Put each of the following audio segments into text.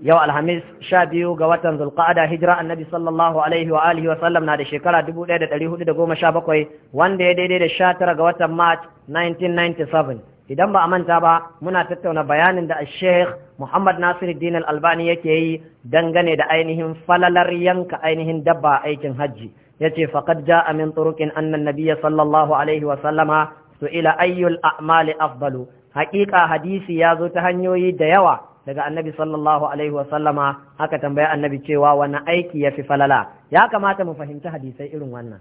yau alhamis sha biyu ga watan zulqa'ada hijira annabi sallallahu alaihi wa alihi wa sallam na da shekara 1417 wanda ya daidai da sha tara ga watan march 1997 idan ba a manta ba muna tattauna bayanin da sheikh muhammad nasir al-albani yake yi dangane da ainihin falalar yanka ainihin dabba aikin hajji yace faqad ja'a min turuqin anna an-nabiyya sallallahu alaihi wa sallama su'ila ayyul a'mali afdalu haƙiƙa hadisi ya zo ta hanyoyi da yawa daga annabi sallallahu alaihi wa sallama aka tambaya annabi cewa wani aiki ya fi falala ya kamata mu fahimci hadisai irin wannan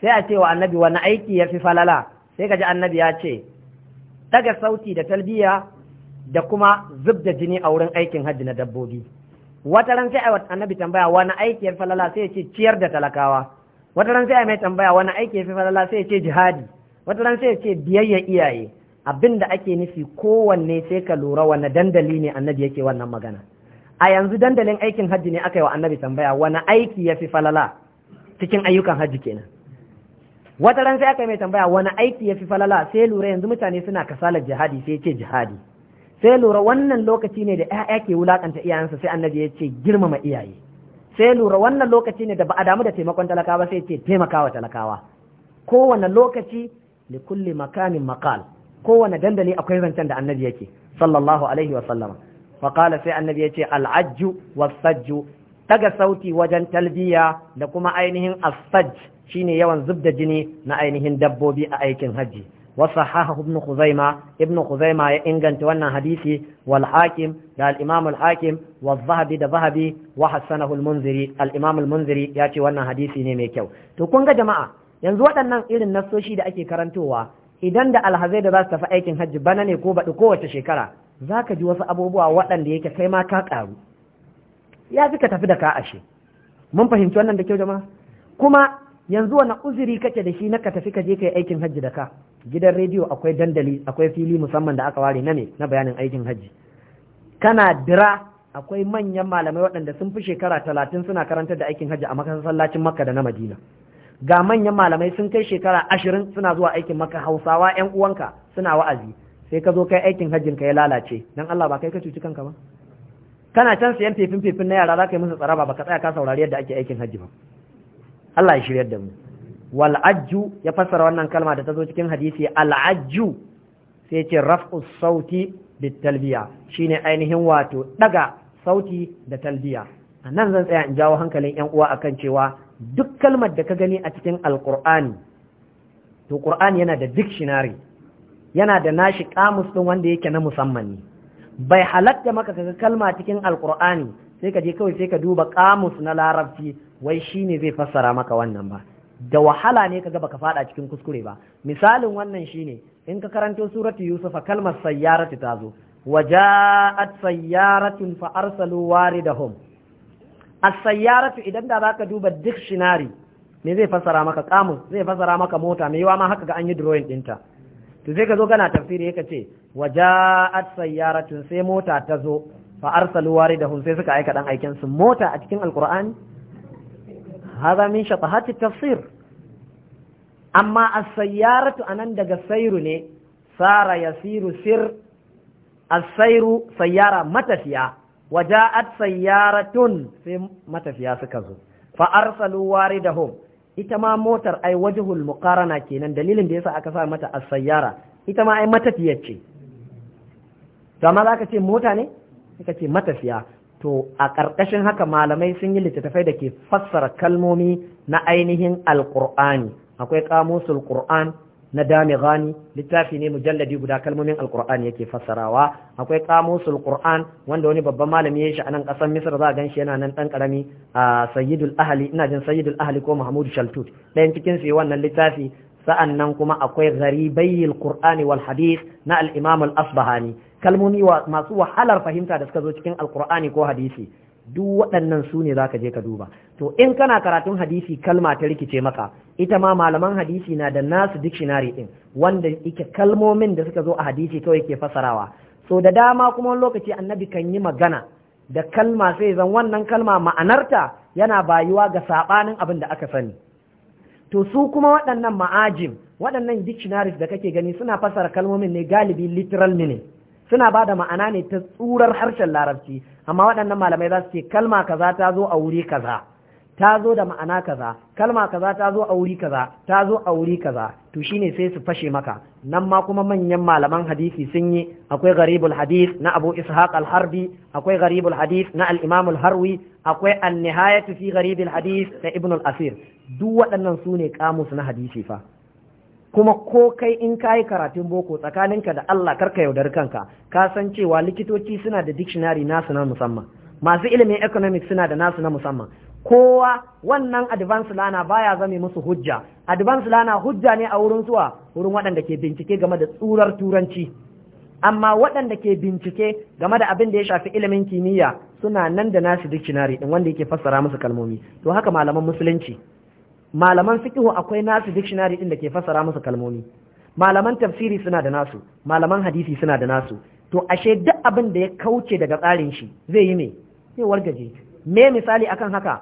sai a cewa annabi wani aiki ya fi falala sai ka ji annabi ya ce daga sauti da talbiya da kuma zub da jini a wurin aikin hajji na dabbobi wata ran sai annabi tambaya wani aiki ya fi falala sai ya ce ciyar da talakawa wata ran sai mai tambaya wani aiki ya fi falala sai ya ce jihadi wata ran sai ya ce biyayya iyaye abin da ake nufi kowanne sai ka lura wani dandali ne annabi yake wannan magana a yanzu dandalin aikin hajji ne aka yi wa annabi tambaya wani aiki ya fi falala cikin ayyukan hajji kenan wata ran sai aka mai tambaya wani aiki ya fi falala sai lura yanzu mutane suna kasala jihadi sai ce jihadi sai lura wannan lokaci ne da 'ya'ya ke wulakanta iyayensa sai annabi ya ce girmama iyaye sai lura wannan lokaci ne da ba a damu da taimakon talakawa sai ce taimakawa talakawa kowane lokaci li kulli makamin maqal kowane dandali akwai zancen da annabi yake sallallahu alaihi wa sallama fa qala sai annabi yace al'ajju ajju was-sajju daga sauti wajen talbiya da kuma ainihin as-sajj shine yawan zubda jini na ainihin dabbobi a aikin haji وصححه ابن خزيمة ابن خزيمة da تونا حديثي والحاكم دا الإمام الحاكم munziri. al munziri ya ce wannan hadisi ne mai kyau. To kun ga jama'a. yanzu waɗannan irin nassoshi da ake karantowa idan da alhazai da za su tafi aikin hajji bana ne ko baɗi kowace shekara za ka ji wasu abubuwa waɗanda yake kai ma ka ƙaru ya fi ka tafi da ka ashe mun fahimci wannan da kyau jama'a kuma yanzu wani uzuri kake da shi na ka tafi ka je kai aikin hajji da ka gidan rediyo akwai dandali akwai fili musamman da aka ware na ne na bayanin aikin hajji kana dira akwai manyan malamai waɗanda sun fi shekara talatin suna karantar da aikin hajji a sallacin makka da na madina ga manyan malamai sun kai shekara ashirin suna zuwa aikin maka hausawa yan uwanka suna wa'azi sai ka zo kai aikin hajjin ka ya lalace dan Allah ba kai ka cuci kanka ba kana can siyan fifin fifin na yara za ka yi musu tsaraba ba ka tsaya ka saurari yadda ake aikin hajji ba Allah ya shiryar da mu wal ya fassara wannan kalma da ta zo cikin hadisi al ajju sai ce raf'u sauti bit talbiya shine ainihin wato daga sauti da talbiya a nan zan tsaya in jawo hankalin 'yan uwa akan cewa duk kalmar da ka gani a cikin alkur'ani to ƙur'ani yana da dictionary yana da nashi kamus din wanda yake na musamman ne bai halatta maka kaga kalma cikin alkur'ani sai ka je kawai sai ka duba kamus na larabci wai shine zai fassara maka wannan ba da wahala ne kaga baka fada cikin kuskure ba misalin wannan shine in ka karanto suratu yusuf kalmar sayyaratu tazo zo وجاءت wari da waridahum as-sayyaratu idan da zaka duba dictionary me zai fasara maka kamun zai fasara maka mota me yawa ma haka ga an yi drawing dinta to sai ka zo kana tafsiri yake ce waja'at sayyaratun sai mota ta zo fa arsalu waridahum sai suka aika dan aikin su mota a cikin alqur'ani hada min shatahati tafsir amma as-sayyaratu anan daga sayru ne sara yasiru sir as sayru sayyara matafiya waja'at sayyaratun sai matafiya suka zo fa arsalu waridahum ita ma motar ai wajhul muqarana kenan dalilin da yasa aka sa mata as-sayyara ita ma ai matafiyar ce to amma zaka ce mota ne suka ce matafiya to a ƙarƙashin haka malamai sun yi littattafai da ke fassara kalmomi na ainihin alƙur'ani akwai ƙamusul ƙur'an na dami gani littafi ne mujalladi guda kalmomin alkur'ani yake fassarawa akwai kamusul qur'an wanda wani babban malami ya shi a nan kasar za a gan shi yana nan ɗan karami a sayyidul ahali ina jin sayyidul ahali ko mahmud shaltut ɗayan cikin su wannan littafi sa'annan kuma akwai gharibayil qur'ani wal hadith na al-imam al-asbahani kalmomi masu wahalar fahimta da suka zo cikin alkur'ani ko hadisi duk waɗannan su ne za ka je ka duba to in kana karatun hadisi kalma ta rikice maka ita ma malaman hadisi na da nasu dictionary din wanda ike kalmomin da suka zo a hadisi kawai ke fasarawa so da dama kuma wani lokaci annabi kan yi magana da kalma sai zan wannan kalma ma'anarta yana bayuwa ga saɓanin abin da aka sani to su kuma waɗannan ma'ajim waɗannan dictionaries da kake gani suna fasara kalmomin ne galibi literal meaning suna ba da ma'ana ne ta tsurar harshen larabci amma waɗannan malamai za su ce kalma kaza ta zo a wuri kaza ta zo da ma'ana kaza kalma kaza ta zo a wuri kaza ta zo a wuri kaza to shine sai su fashe maka nan ma kuma manyan malaman hadisi sun yi akwai gharibul hadith na Abu Ishaq al-Harbi akwai gharibul hadith na al-Imam al-Harwi akwai an-nihayatu fi gharibil hadith na Ibn al-Asir duk waɗannan su ne kamus na hadisi fa kuma ko kai in ka yi karatun boko tsakaninka da Allah karka yaudar kanka ka san cewa likitoci suna da dictionary nasu na musamman masu ilimin economics suna da nasu na musamman kowa wannan advance lana baya zame musu hujja advance lana hujja ne a wurin zuwa wurin waɗanda ke bincike game da tsurar turanci amma waɗanda ke bincike game da abin da ya shafi ilimin kimiyya suna nan da nasu dictionary din wanda yake fassara musu kalmomi to haka malaman musulunci malaman fiqhu akwai nasu dictionary din da ke fassara musu kalmomi malaman tafsiri suna da nasu malaman hadisi suna da nasu to ashe duk abin da ya kauce daga tsarin shi zai yi me sai wargaje me misali akan haka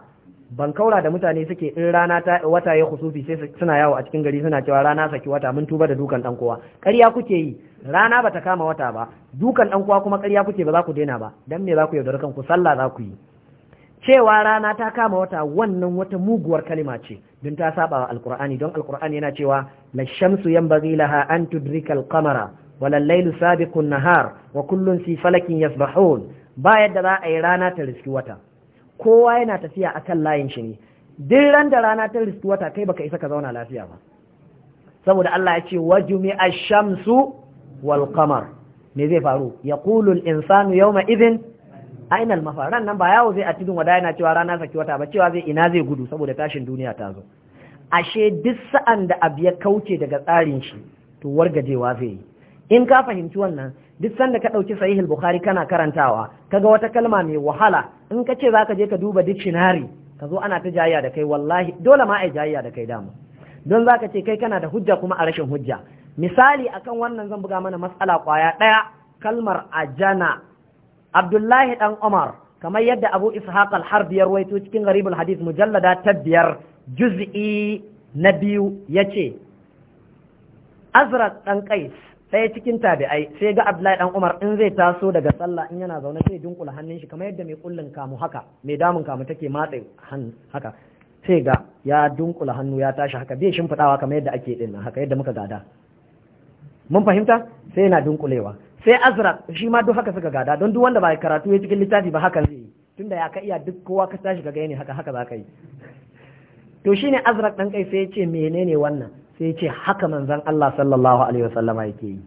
ban kaura da mutane suke in rana ta wata ya khusufi sai suna yawo a cikin gari suna cewa rana saki wata mun tuba da dukan dan kowa ƙarya kuke yi rana bata kama wata ba dukan dan kowa kuma ƙarya kuke ba za ku daina ba dan me za ku yaudar kanku sallah za ku yi cewa rana ta kama wata wannan wata muguwar kalima ce don ta saba wa alkur'ani don alkur'ani yana cewa la shamsu yanbaghi laha an tudrika al wa lal nahar wa kullun fi falakin yasbahun ba yadda za a yi rana ta riski wata kowa yana tafiya akan layin shi ne duk ran da rana ta riski wata kai baka isa ka zauna lafiya ba saboda Allah ya ce wajumi ash-shamsu wal qamar me zai faru yaqulu al-insanu yawma idhin ainal mafaran nan ba yawo zai a tudun wada yana cewa rana saki wata ba cewa zai ina zai gudu saboda tashin duniya ta zo ashe duk sa'an da abu ya kauce daga tsarin shi to wargajewa zai yi in ka fahimci wannan duk sanda ka ɗauki sahihul bukhari kana karantawa kaga wata kalma mai wahala in ka ce zaka je ka duba dictionary ka zo ana ta jayya da kai wallahi dole ma ai jayya da kai dama don zaka ce kai kana da hujja kuma a rashin hujja misali akan wannan zan buga mana matsala kwaya ɗaya kalmar ajana abdullahi ɗan umar kamar yadda abu ishaq al biyar ya rawaito cikin gharibul hadith mujallada ta biyar juz'i na biyu ya ce. Azra ɗan qais sai cikin tabi'ai sai ga abdullahi dan umar in zai taso daga sallah in yana zaune sai dunkula hannun shi kamar yadda mai kullun kamu haka mai damun kamu take matsa hannu haka sai ga ya dunkula hannu ya tashi haka bai shimfidawa kamar yadda ake ɗin haka yadda muka gada mun fahimta sai yana dunkulewa sai azra shi ma duk haka suka gada don duk wanda ba karatu ya cikin littafi ba hakan zai yi tunda ya ka iya duk kowa ka tashi ka ne haka haka za ka yi to shi ne azrak ɗan kai sai ya ce menene wannan sai ya ce haka manzan Allah sallallahu alaihi wasallama yake yi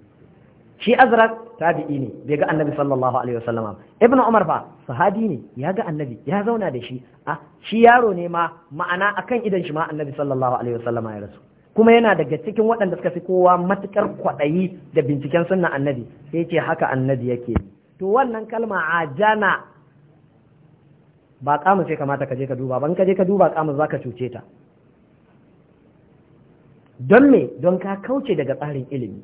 shi azrak tabi'i ne bai ga annabi sallallahu alaihi wasallama ibnu umar fa sahabi ne ya ga annabi ya zauna da shi a ah, shi yaro ne ma ma'ana akan idan shi ma annabi sallallahu alaihi wasallama ya rasu kuma yana daga cikin waɗanda suka fi kowa matuƙar kwaɗayi da binciken sunna annabi sai ce haka annabi yake to wannan kalma ajana ba kamun sai kamata ka je ka duba ban ka je ka duba kamun ka cuce ta don me don ka kauce daga tsarin ilimi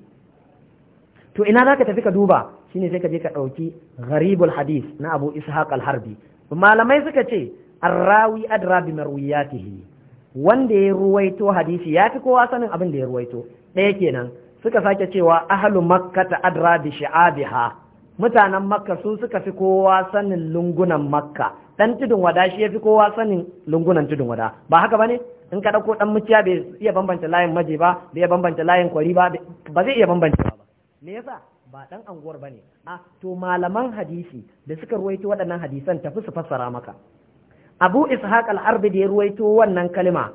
to ina za ka tafi ka duba shine sai ka je ka ɗauki gharibul hadith na abu ishaq al-harbi malamai suka ce arrawi adra bi marwiyatihi wanda ya ruwaito hadisi ya fi kowa sanin abin da ya ruwaito ɗaya kenan suka sake cewa ahlu makka ta adra bi mutanen makka su suka fi kowa sanin lungunan makka dan tudun wada shi ya fi kowa sanin lungunan tudun wada ba haka bane in ka ɗauko ɗan muciya bai iya bambanta layin maje ba bai iya bambanta layin kwari ba ba zai iya bambanta ba me yasa ba ɗan anguwar bane a to malaman hadisi da suka ruwaito waɗannan hadisan tafi su fassara maka abu ishaq al-harbi da ya ruwaito wannan kalma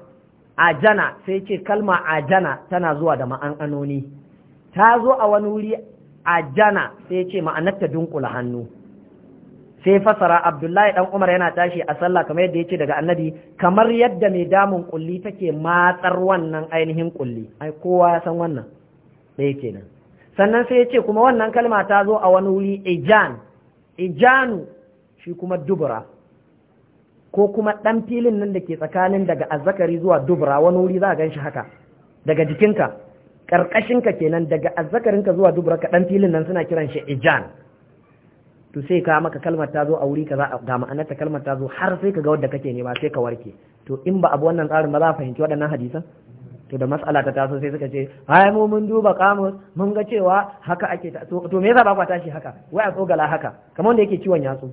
jana sai ce kalma a jana tana zuwa da ma'ananoni ta zo a wani wuri a jana sai ce ma'anarta dunkula hannu sai fasara abdullahi dan umar yana tashi a sallah kamar yadda ya ce daga annabi kamar yadda mai damun kulli take matsar wannan ainihin kulli ai kowa ya san wannan sai kenan sannan sai ya ce kuma wannan kalma ta zo a wani wuri ijan ijanu shi kuma dubura ko kuma ɗan filin nan da ke tsakanin daga azzakari zuwa dubura wani wuri za a ganshi haka daga jikinka ƙarƙashinka kenan daga azzakarinka zuwa dubura ka ɗan filin nan suna kiran shi ijan to sai ka maka kalmar ta zo a wuri kaza ga ma'anar ta kalmar ta zo har sai ka ga wadda kake nema sai ka warke to in ba abu wannan tsarin ba za a fahimci waɗannan hadisan to da matsala ta taso sai suka ce ai mu mun duba kamus mun ga cewa haka ake ta to me yasa ba ku tashi haka wai a tsogala haka kamar da yake ciwon yatsu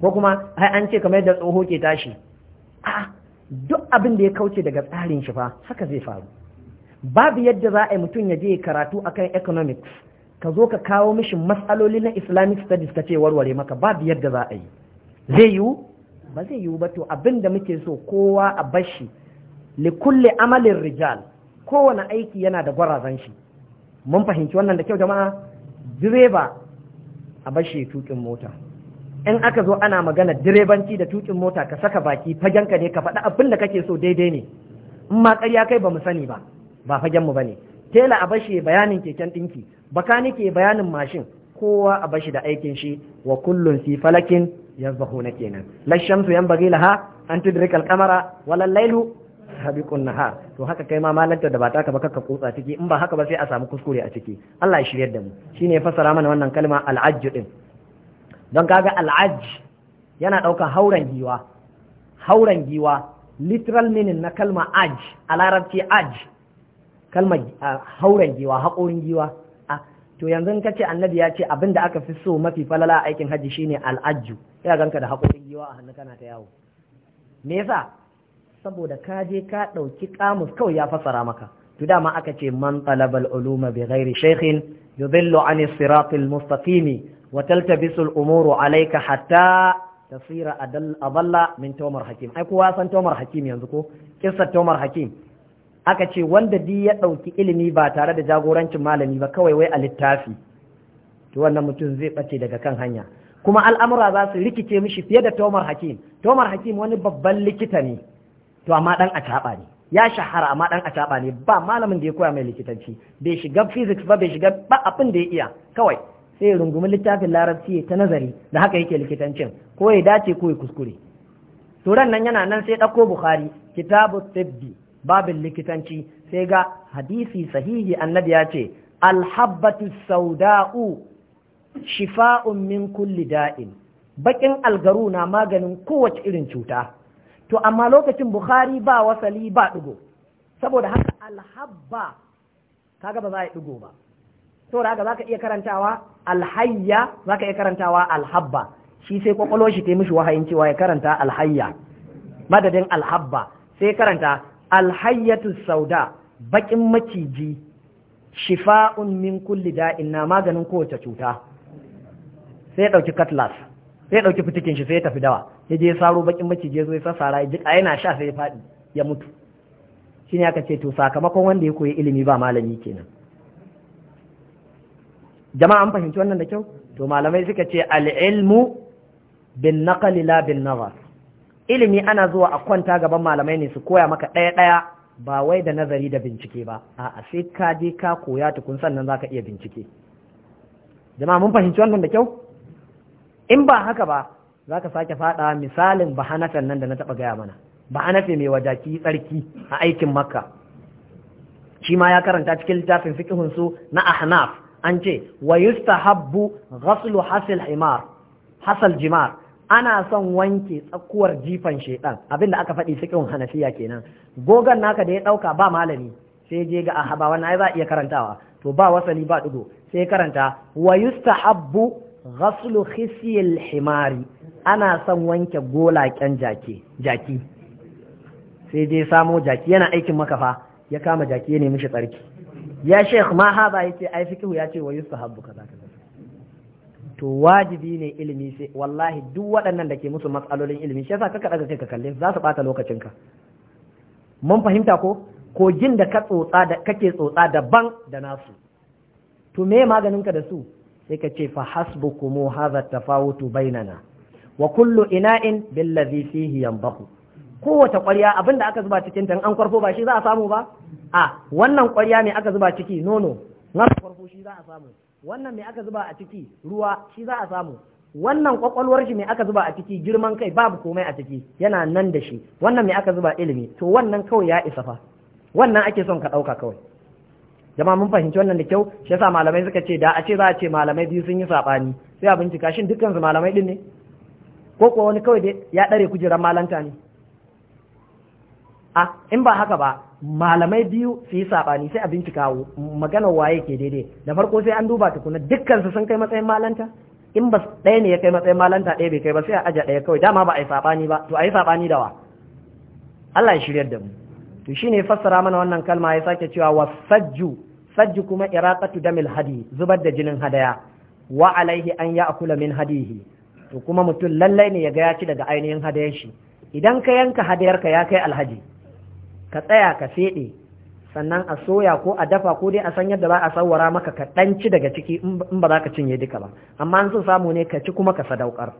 ko kuma ai an ce kamar da tsoho ke tashi a duk abin da ya kauce daga tsarin shi fa haka zai faru babu yadda za a yi mutum ya je karatu akan economics ka zo ka kawo mishi matsaloli na islamic studies ka ce warware maka babu yadda za a yi zai yiwu ba zai yiwu ba to abin da muke so kowa a bashi li kulli amalin rijal kowane aiki yana da gwarazan shi mun fahimci wannan da kyau jama'a direba a bashi tukin mota in aka zo ana magana direbanci da tukin mota ka saka baki fagen ka ne ka faɗi abin da kake so daidai ne in ma ƙarya kai ba mu sani ba ba fagen mu bane tela a bashi bayanin keken ɗinki bakanike bayanin mashin kowa a bashi da aikin shi wa kullun fi falakin na kenan lashamsu yanbaghi laha an tudrika al-qamara wala al-lailu sabiqun nahar to haka kai ma malanta da ba ka ba kaka kutsa ciki in ba haka ba sai a samu kuskure a ciki Allah ya shiryar da mu shine ya fassara mana wannan kalma al din don kaga al'aj yana ɗaukan hauren giwa hauren giwa literal meaning na kalma aj a larabci aj kalma hauren giwa haƙorin giwa to yanzu ka ce annabi ya ce abin da aka fi so mafi falala a aikin hajji shine al'ajju ya ganka da haƙorin giwa a hannu kana ta yawo me yasa saboda ka je ka ɗauki ƙamus kawai ya fasara maka to dama aka ce man talabal uluma bi ghairi shaykhin yudillu an siratil mustaqimi wa taltabisul umuru alaika hatta tasira adal adalla min tawmar hakim ai kowa san tawmar hakim yanzu ko kissar tawmar hakim aka ce wanda di ya ɗauki ilimi ba tare da jagorancin malami ba kawai wai a littafi to wannan mutum zai bace daga kan hanya kuma al'amura za su rikice mishi fiye da tomar hakim tomar hakim wani babban likita ne to amma dan a ne ya shahara amma dan a ne ba malamin da ya koya mai likitanci bai shiga physics ba bai shiga ba abin da ya iya kawai sai rungumi littafin larabci ta nazari da haka yake likitancin ko ya dace ko ya kuskure turan nan yana nan sai ɗauko bukhari kitabu tibbi babin likitanci sai ga hadisi sahihi annabi ya ce alhabbatu sauda'u shifa'un min kulli da'in bakin algaru na maganin kowace irin cuta to amma lokacin bukhari ba wasali ba ɗigo saboda haka alhabba kaga ba za a yi ɗigo ba saboda haka za ka iya karantawa alhayya ka iya karantawa alhabba shi sai kwakwalo shi ta mishi wahayin cewa ya karanta alhayya madadin alhabba sai karanta alhayyatu sauda bakin maciji shifa'un min kulli da'in na maganin kowace cuta sai ya dauki katlas sai ya dauki fitikin shi sai ya tafi dawa ya je saro bakin maciji zo ya sassara ya yana sha sai ya faɗi ya mutu shine aka ce to sakamakon wanda ya koyi ilimi ba malami kenan jama'a an fahimci wannan da kyau to malamai suka ce al'ilmu bin naqali la bin nazar ilimi ana zuwa a kwanta gaban malamai ne su koya maka ɗaya ɗaya ba wai da nazari da bincike ba a'a sai ka je ka koya tukun sannan zaka iya bincike jama'a mun fahimci wannan da kyau in ba haka ba zaka sake faɗa misalin bahanatan nan da na taɓa gaya mana bahanafe mai wajaki tsarki a aikin makka shi ma ya karanta cikin littafin fikihun na ahnaf an ce wa yustahabbu ghaslu hasil himar hasal jimar ana son wanke tsakuwar jifan shedan abinda aka faɗi cikin hanafiya kenan gogan naka da ya ɗauka ba malami sai je ga ahaba wannan ai za iya karantawa to ba wasali ba ɗigo sai karanta wa yustahabbu ghaslu khisyil himari ana son wanke golaken jaki jaki sai je samo jaki yana aikin makafa ya kama jaki ya nemi shi tsarki ya sheikh ma haza yace ai fikihu yace wa yustahabbu kaza kaza to wajibi ne ilimi sai wallahi duk waɗannan da ke musu matsalolin ilimi shi yasa kaka daga kai ka kalle za su bata lokacinka mun fahimta ko kogin da ka tsotsa da kake tsotsa daban da nasu to me maganin ka da su sai ka ce fa hasbukum hadha tafawutu bainana wa kullu ina'in billazi fihi yanbahu kowace ƙwarya abin da aka zuba cikin tan an kwarfo ba shi za a samu ba a wannan ƙwarya mai aka zuba ciki nono nan kwarfo shi za a samu wannan mai aka zuba a ciki ruwa shi za a samu wannan kwakwalwar shi mai aka zuba a ciki girman kai babu komai a ciki yana nan da shi wannan mai aka zuba ilimi to wannan kawai ya isa fa wannan ake son ka ɗauka kawai jama mun fahimci wannan da kyau shi yasa malamai suka ce da a ce za a ce malamai biyu sun yi saɓani sai a bincika shin dukkan su malamai din ne ko kuwa wani kawai ya ɗare kujerar malanta ne a in ba haka ba malamai biyu su yi saɓani sai a bincika maganar waye ke daidai da farko sai an duba tukuna dukkan su sun kai matsayin malanta in ba ɗaya ne ya kai matsayin malanta ɗaya bai kai ba sai a aja ɗaya kawai dama ba a yi saɓani ba to a yi saɓani da wa Allah ya shiryar da mu to shine fassara mana wannan kalma ya sake cewa wa sajju kuma iraqatu damil hadi zubar da jinin hadaya wa alaihi an ya'kula min hadihi to kuma mutum lallai ne ya ga ya ci daga ainihin hadayar shi idan ka yanka hadayarka ya kai alhaji ka tsaya ka feɗe sannan a soya ko a dafa ko dai a san yadda za a sawara maka ka ɗanci daga ciki in ba za ka cinye duka ba amma an so samu ne ka ci kuma ka sadaukar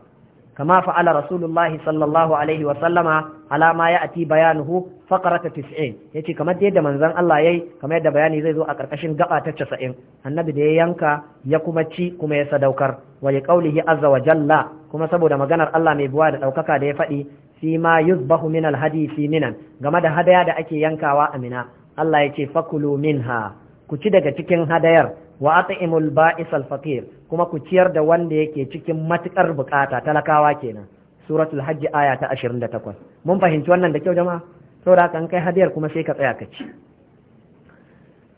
kama fa'ala rasulullahi sallallahu alaihi wa sallama ala ma ati bayanuhu faqrata 90 yace kamar yadda manzon Allah yayi kamar yadda bayani zai zo a karkashin gaba ta 90 annabi da ya yanka ya kuma ci kuma ya sadaukar wa liqaulihi azza wa jalla kuma saboda maganar Allah mai buwa da daukaka da ya faɗi fi yuzbahu min alhadi fi minan game da hadaya da ake yankawa a mina Allah ya ce fakulu minha ku ci daga cikin hadayar wa at'imul ba'is alfaqir kuma ku ciyar da wanda yake cikin matukar bukata talakawa kenan suratul hajj aya ta 28 mun fahimci wannan da kyau jama'a saboda kan kai hadayar kuma sai ka tsaya ka ci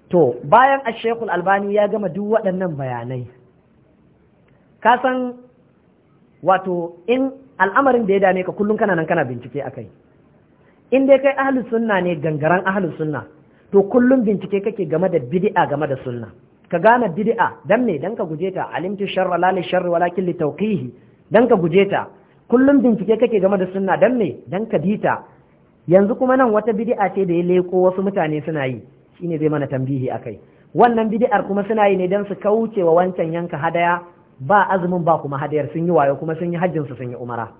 to bayan ash-shaykhul albani ya gama duk waɗannan bayanai ka san wato in al'amarin da ya dame ka kullum kana nan kana bincike a kai. in dai kai ahlus sunna ne gangaran ahlus sunna to kullum bincike kake game da bid'a game da sunna ka gane bid'a dan me dan ka guje ta alimtu sharra la li sharri walakin li tawqihi dan ka guje ta kullum bincike kake game da sunna dan me dan ka dita yanzu kuma nan wata bid'a ce da ya leko wasu mutane suna yi shine zai mana tambihi akai wannan bid'ar kuma suna yi ne dan su kauce wa wancan yanka hadaya ba azumin ba kuma hadayar sun yi wayo kuma sun yi hajjin su sun yi umara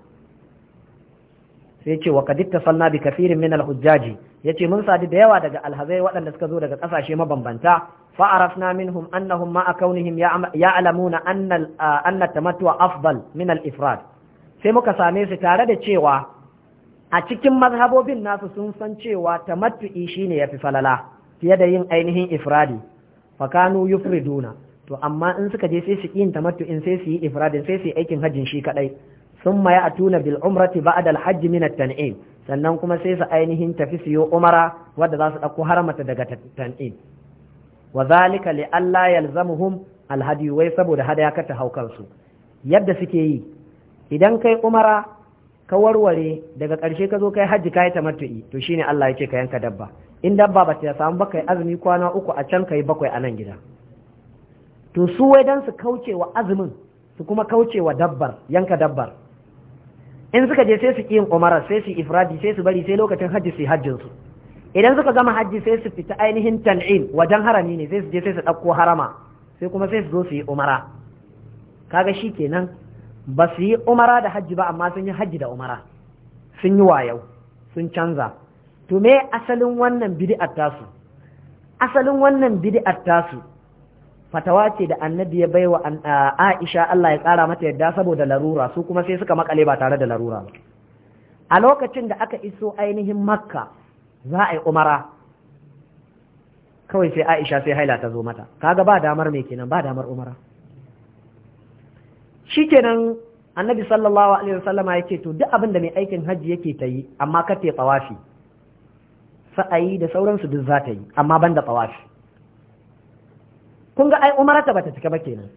sai ce wa ta ittasalna bi kafirin min al-hujjaji yace mun sadi da yawa daga alhazai waɗanda suka zo daga kasashe mabambanta fa arafna minhum annahum ma kaunihim alamuna anna anna tamattu afdal min al-ifrad sai muka same su tare da cewa a cikin mazhabobin nasu sun san cewa tamattu'i shine yafi falala fiye da yin ainihin ifradi fakanu yufriduna to amma in suka je sai su yin in sai su yi ifradin sai su yi aikin hajjin shi kadai summa tuna bil umrati ba'da al hajj min at tan'im sannan kuma sai su ainihin tafi su yi umara wadda za su dauko haramata daga tan'im wa zalika li alla yalzamuhum al hadi wai saboda hada ka ta haukan su yadda suke yi idan kai umara ka warware daga karshe ka zo kai hajji kai tamattu'i to shine Allah ya ce ka yanka dabba in dabba ba ta samu ba kai azumi kwana uku a can kai bakwai a nan gida to su wai dan su kauce wa azumin su kuma kauce wa dabbar yanka dabbar in suka je sai su yin umara sai su ifradi sai su bari sai lokacin hajji su hajjin idan suka gama hajji sai su fita ainihin tan'in wajen harami ne sai su je sai su ɗauko harama sai kuma sai su zo su yi umara kaga shi kenan ba su yi umara da hajji ba amma sun yi hajji da umara sun yi wayau sun canza to me asalin wannan bid'ar tasu asalin wannan bid'ar tasu fatawa ce da annabi ya baiwa Aisha Allah ya ƙara mata yadda saboda larura su kuma sai suka makale ba tare da larura ba a lokacin da aka iso ainihin makka za a yi umara kawai sai Aisha sai haila ta zo mata kaga ba damar me kenan ba damar umara shikenan annabi sallallahu alaihi wasallam ya ce to duk abin da mai aikin hajji yake ta yi amma ka te sa'ayi da sauransu duk za ta yi amma banda da kun ga ai umarata bata cika ba kenan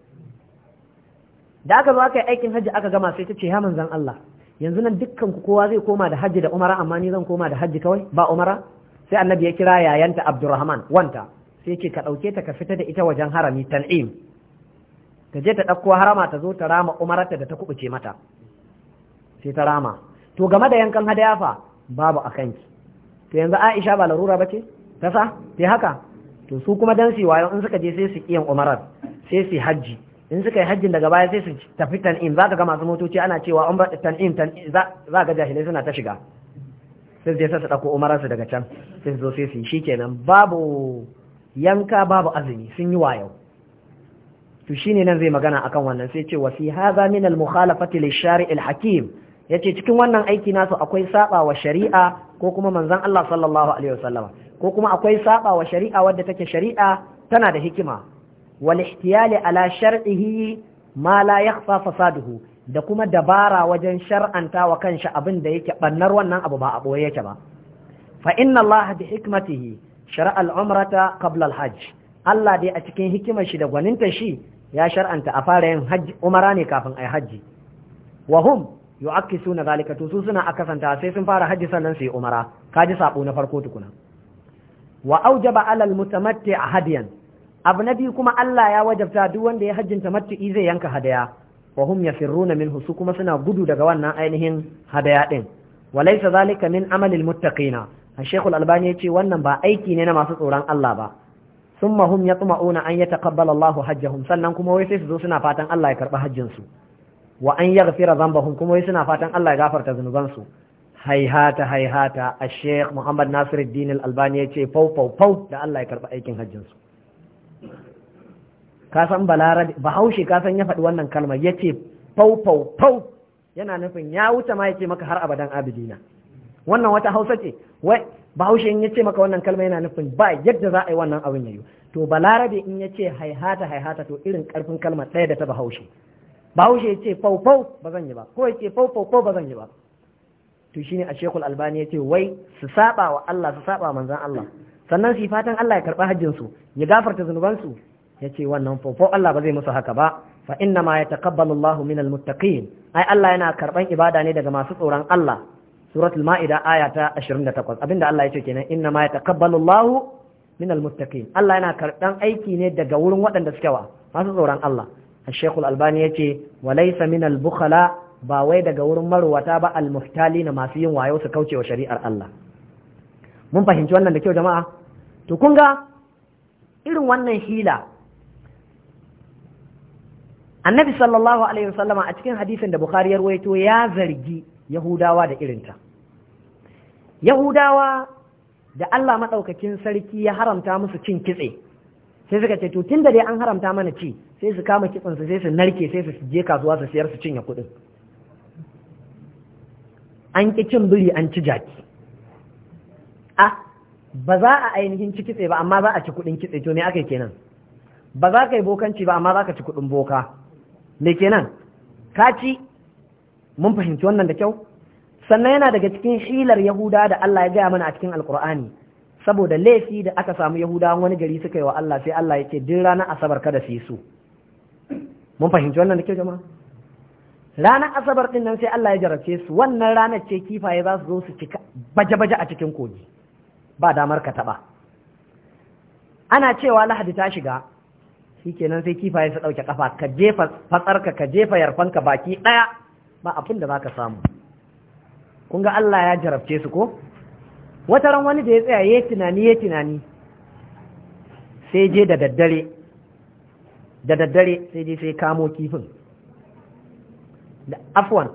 da aka zo aka yi aikin hajji aka gama sai ta ce ya manzan Allah yanzu nan dukkan ku kowa zai koma da hajji da umara amma ni zan koma da hajji kawai ba umara sai annabi ya kira yayanta Abdurrahman wanta sai ce ka dauke ta ka fita da ita wajen harami tan'im ta je ta dauko harama ta zo ta rama umararta da ta kubuce mata sai ta rama to game da yankan hadayafa fa babu akanki to yanzu Aisha ba larura bace ta sa sai haka to su kuma dan wayo in suka je sai su kiyan umarar sai su hajji in suka yi hajjin daga baya sai su tafi tan'im za ka ga masu motoci ana cewa umra tan'im za ga jahilai suna ta shiga sai su je sai su dauko umarar su daga can sai su zo sai su yi shikenan babu yanka babu azumi sun yi wayo to shine nan zai magana akan wannan sai ce wa fi hadha min al mukhalafati lish shari' al hakim yace cikin wannan aiki nasu akwai saba wa shari'a ko kuma manzon Allah sallallahu alaihi wasallam ko kuma akwai saba wa shari'a wadda take shari'a tana da hikima wal ihtiyali ala shar'ihi ma la yakhfa fasaduhu da kuma dabara wajen shar'anta wa kanshi abin da yake bannar wannan abu ba a boye yake ba fa inna Allah bi hikmatihi shar'a al-umrata qabla al-hajj Allah dai a cikin hikimar shi da gwaninta shi ya shar'anta a fara yin hajji umara ne kafin ai hajji wa hum yu'akkisuna zalika to su suna akasanta sai sun fara hajji sannan su yi umara kaji sabo na farko tukuna wa aujaba alal mutamatti a hadiyan abu na biyu kuma Allah ya wajabta duk wanda ya hajjin tamattu'i zai yanka hadaya wa hum yafirruna minhu su kuma suna gudu daga wannan ainihin hadaya din walaysa zalika min amalil muttaqina Sheikh Al-Albani yace wannan ba aiki ne na masu tsoron Allah ba summa hum yatma'una an yataqabbala Allahu hajjahum sannan kuma wai su zo suna fatan Allah ya karba hajjin su wa an yaghfira dhanbahum kuma wai suna fatan Allah ya gafarta zunubansu su haihata haihata a sheikh muhammad nasiruddin al-albani ya ce fau fau fau da Allah ya karba aikin hajjinsu ka san balarabe bahaushe ka san ya faɗi wannan kalmar ya ce fau fau fau yana nufin ya wuce ma ya ce maka har abadan abidina wannan wata hausa ce wai bahaushe in ya ce maka wannan kalma yana nufin ba yadda za a yi wannan abin yayi to balarabe in ya ce haihata haihata to irin karfin kalmar ɗaya da ta bahaushe bahaushe ya ce fau fau ba zan yi ba ko ya ce fau fau fau ba zan yi ba to shine a shekul albani ya ce wai su saba wa Allah su saba manzan Allah sannan su fatan Allah ya karɓi hajjinsu. su ya gafarta zunubansu ya ce wannan fofo Allah ba zai musu haka ba fa inna ma yataqabbalu Allahu minal muttaqin ai Allah yana karban ibada ne daga masu tsoron Allah suratul ma'ida aya ta 28 abinda Allah ya ce kenan inna ma yataqabbalu Allahu minal muttaqin Allah yana karɓan aiki ne daga wurin waɗanda suke wa masu tsoron Allah الشيخ الألباني يتي وليس من البخلاء ba wai daga wurin marwata ba almuftali na masu yin wayo su kaucewa shari'ar Allah mun fahimci wannan da kyau jama'a to kun ga irin wannan hila annabi sallallahu alaihi wasallama a cikin hadisin da bukhari ya rawaito ya zargi yahudawa da irinta yahudawa da Allah maɗaukakin sarki ya haramta musu cin kitse sai suka ce to tun da dai an haramta mana ci sai su kama kitsen su sai su narke sai su je kasuwa su siyar su cinye kuɗin an ƙi cin biri an ci jaki a ba za a ainihin ci kitse ba amma za a ci kuɗin kitse to ne aka kenan ba za ka yi bokanci ba amma za ka ci kuɗin boka me kenan ka ci mun fahimci wannan da kyau sannan yana daga cikin shilar yahuda da Allah ya gaya mana a cikin alkur'ani saboda laifi da aka samu yahuda wani gari suka yi wa Allah sai Allah ya ce duk ranar asabar kada su yi su mun fahimci wannan da kyau jama'a ranar asabar din nan sai Allah ya jarabce su wannan ranar ce kifaye za su zo su cika baje-baje a cikin kogi ba damar ka taba ana cewa lahadi ta shiga shi kenan sai kifaye su dauke kafa ka jefa fatsarka ka jefa yarfanka baki daya ba abin da zaka samu kun ga Allah ya jarabce su ko wata ran wani da ya tsaya yayi tunani ya tunani sai je da daddare da daddare sai je sai kamo kifin da afwan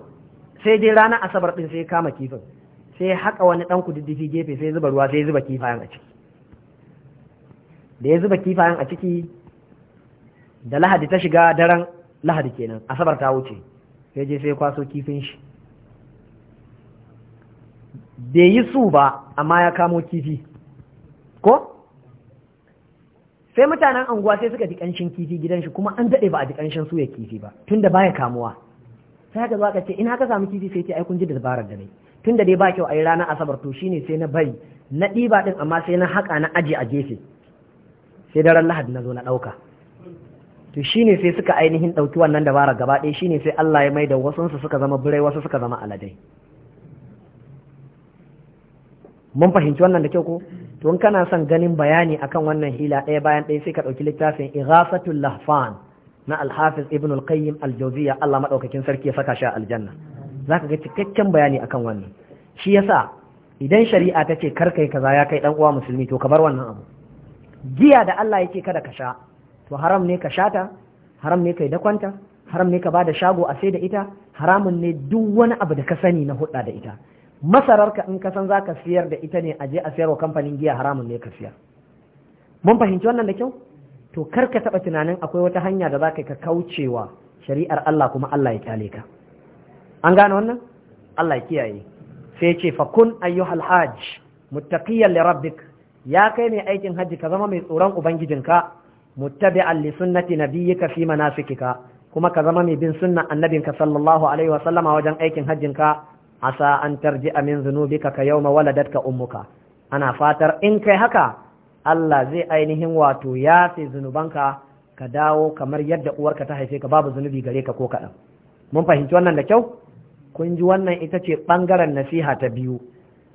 sai dai ranar asabar din sai kama kifin sai haka wani dan kududdufi gefe sai zuba ruwa sai zuba kifayen a ciki da ya zuba kifayen a ciki da lahadi ta shiga daren lahadi kenan asabar ta wuce sai je sai kwaso kifin shi bai yi su ba amma ya kamo kifi ko sai mutanen anguwa sai suka ji kanshin kifi gidan shi kuma an daɗe ba a ji kanshin su ya kifi ba tunda baya kamuwa sai ka zo ka ce ina ka samu kifi sai ce ai kun ji dabarar da tun da dai ba kyau ai ranar asabar to shine sai na bari na ɗiba din amma sai na haka na aje a gefe sai daren lahadi na zo na ɗauka to shine sai suka ainihin ɗauki wannan dabarar gaba ɗaya shine sai Allah ya maida wasu su suka zama birai wasu suka zama aladai mun fahimci wannan da kyau ko to in kana son ganin bayani akan wannan hila ɗaya bayan ɗaya sai ka ɗauki littafin irasatul lahfan na alhafiz ibn al-qayyim al-jawziya Allah madaukakin sarki ya saka shi a aljanna zaka ga cikakken bayani akan wannan shi yasa idan shari'a ta ce kar kaza ya kai dan uwa musulmi to ka bar wannan abu giya da Allah yake kada ka sha to haram ne ka shata haram ne kai kwanta haram ne ka bada shago a sai da ita haramun ne duk wani abu da ka sani na hudda da ita Masarar ka in ka san zaka siyar da ita ne a je a sayarwa kamfanin giya haramun ne ka siyar mun fahimci wannan da kyau to kar ka taɓa tunanin akwai wata hanya da za ka ka kaucewa shari'ar Allah kuma Allah ya kyale ka an gane wannan Allah ya kiyaye sai ce fakun ayyuhal Hajji muttaqiyan li rabbik ya kai ne aikin hajji ka zama mai tsoron ubangijinka muttabi'an li sunnati nabiyyika fi manasikika kuma ka zama mai bin sunnan annabinka sallallahu alaihi wa sallama wajen aikin hajjinka asa an tarji'a amin zunubika ka yawma waladatka ummuka ana fatar in kai haka Allah zai ainihin wato ya fi zunubanka ka dawo kamar yadda uwarka ta haife ka babu zunubi gare ka ko kaɗan mun fahimci wannan da kyau kun ji wannan ita ce ɓangaren nasiha ta biyu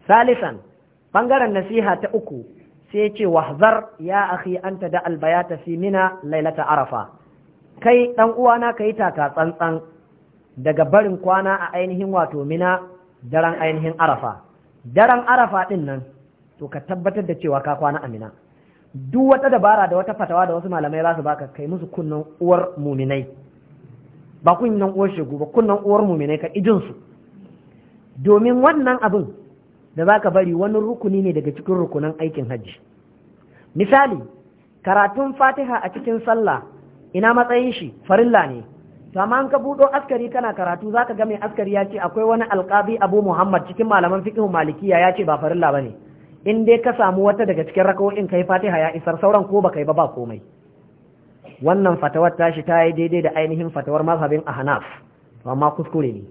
salisan ɓangaren nasiha ta uku sai ce wahzar ya akhi anta da albayata fi mina lailata arafa kai ɗan uwana ka yi taka tsantsan daga barin kwana a ainihin wato mina daren ainihin arafa daren arafa ɗin nan to ka tabbatar da cewa ka kwana amina duk wata dabara da wata fatawa da wasu malamai za su baka kai musu kunnen uwar muminai ba kunnan uwar shigo ba kunnan uwar muminai ka ijin su domin wannan abin da za ka bari wani rukuni ne daga cikin rukunan aikin hajji misali karatun fatiha a cikin sallah ina matsayin shi farilla ne to amma an ka buɗo askari kana karatu zaka ga mai askari ya ce akwai wani alƙabi abu muhammad cikin malaman fiqh malikiya ya ce ba farilla ba ne. in dai ka samu wata daga cikin rakaoin kai fatiha ya isar sauran ko baka yi ba ba komai wannan fatawar tashi ta yi daidai da ainihin fatawar mazhabin ahnaf amma kuskure ne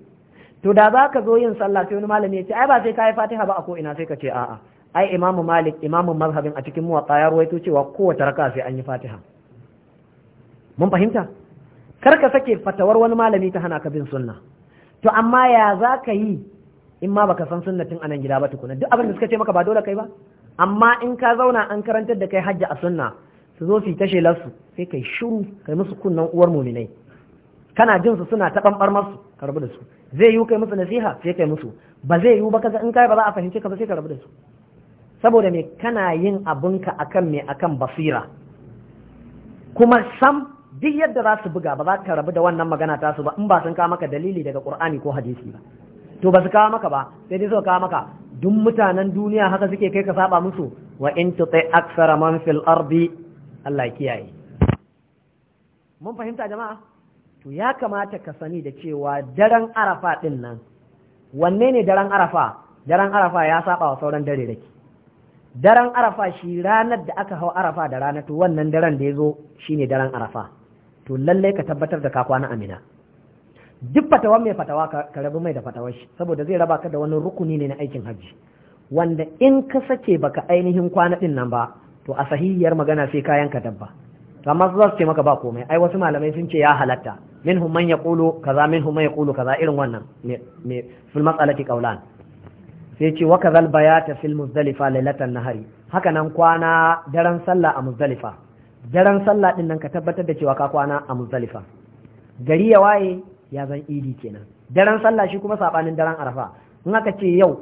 to da za ka zo yin sallah sai wani malami ya ce ai ba sai ka yi fatiha ba a ko ina sai ka ce a'a ai imamu malik imamu mazhabin a cikin muwatta ya ruwaito cewa kowace raka'a sai an yi fatiha mun fahimta kar ka sake fatawar wani malami ta hana ka bin sunna to amma ya za ka yi in ma baka san sunnatin anan gida ba tukuna duk abin da suka ce maka ba dole kai ba amma in ka zauna an karantar da kai hajji a sunna su zo su yi tashe lasu sai kai shuru kai musu kunnan uwar muminai kana jin su suna ta bambar masu ka rabu da su zai yiwu kai musu nasiha sai kai musu ba zai yiwu ba kaza in kai ba za a fahimce ka ba sai ka rabu da su saboda me kana yin abinka akan me akan basira kuma sam duk yadda za su buga ba za ka rabu da wannan magana tasu ba in ba sun kawo maka dalili daga qur'ani ko hadisi ba to ba su kawo maka ba sai dai suka kawo maka duk mutanen duniya haka suke kai ka saba musu wa in tuti aksara man fil ardi Allah kiyaye mun fahimta jama'a to ya kamata ka sani da cewa daren arafa din nan wanne ne daren arafa daren arafa ya saba wa sauran dare da daren arafa shi ranar da aka hau arafa da ranar, to wannan daren da ya zo shine daren arafa to lallai ka tabbatar da ka kwana amina duk fatawan mai fatawa ka rabu mai da fatawar shi saboda zai raba ka da wani rukuni ne na aikin hajji wanda in ka sake baka ainihin kwana din nan ba to a sahihiyar magana sai kayan ka dabba to amma za su ce maka ba komai ai wasu malamai sun ce ya halatta minhum man yaqulu kaza minhum man yaqulu kaza irin wannan me fil mas'alati qawlan sai ce wa kazal bayata fil muzdalifa lailatan nahari haka nan kwana daren sallah a muzdalifa daren sallah din nan ka tabbatar da cewa ka kwana a muzdalifa gari ya waye ya zan idi kenan daren sallah shi kuma sabanin daren arafa in aka ce yau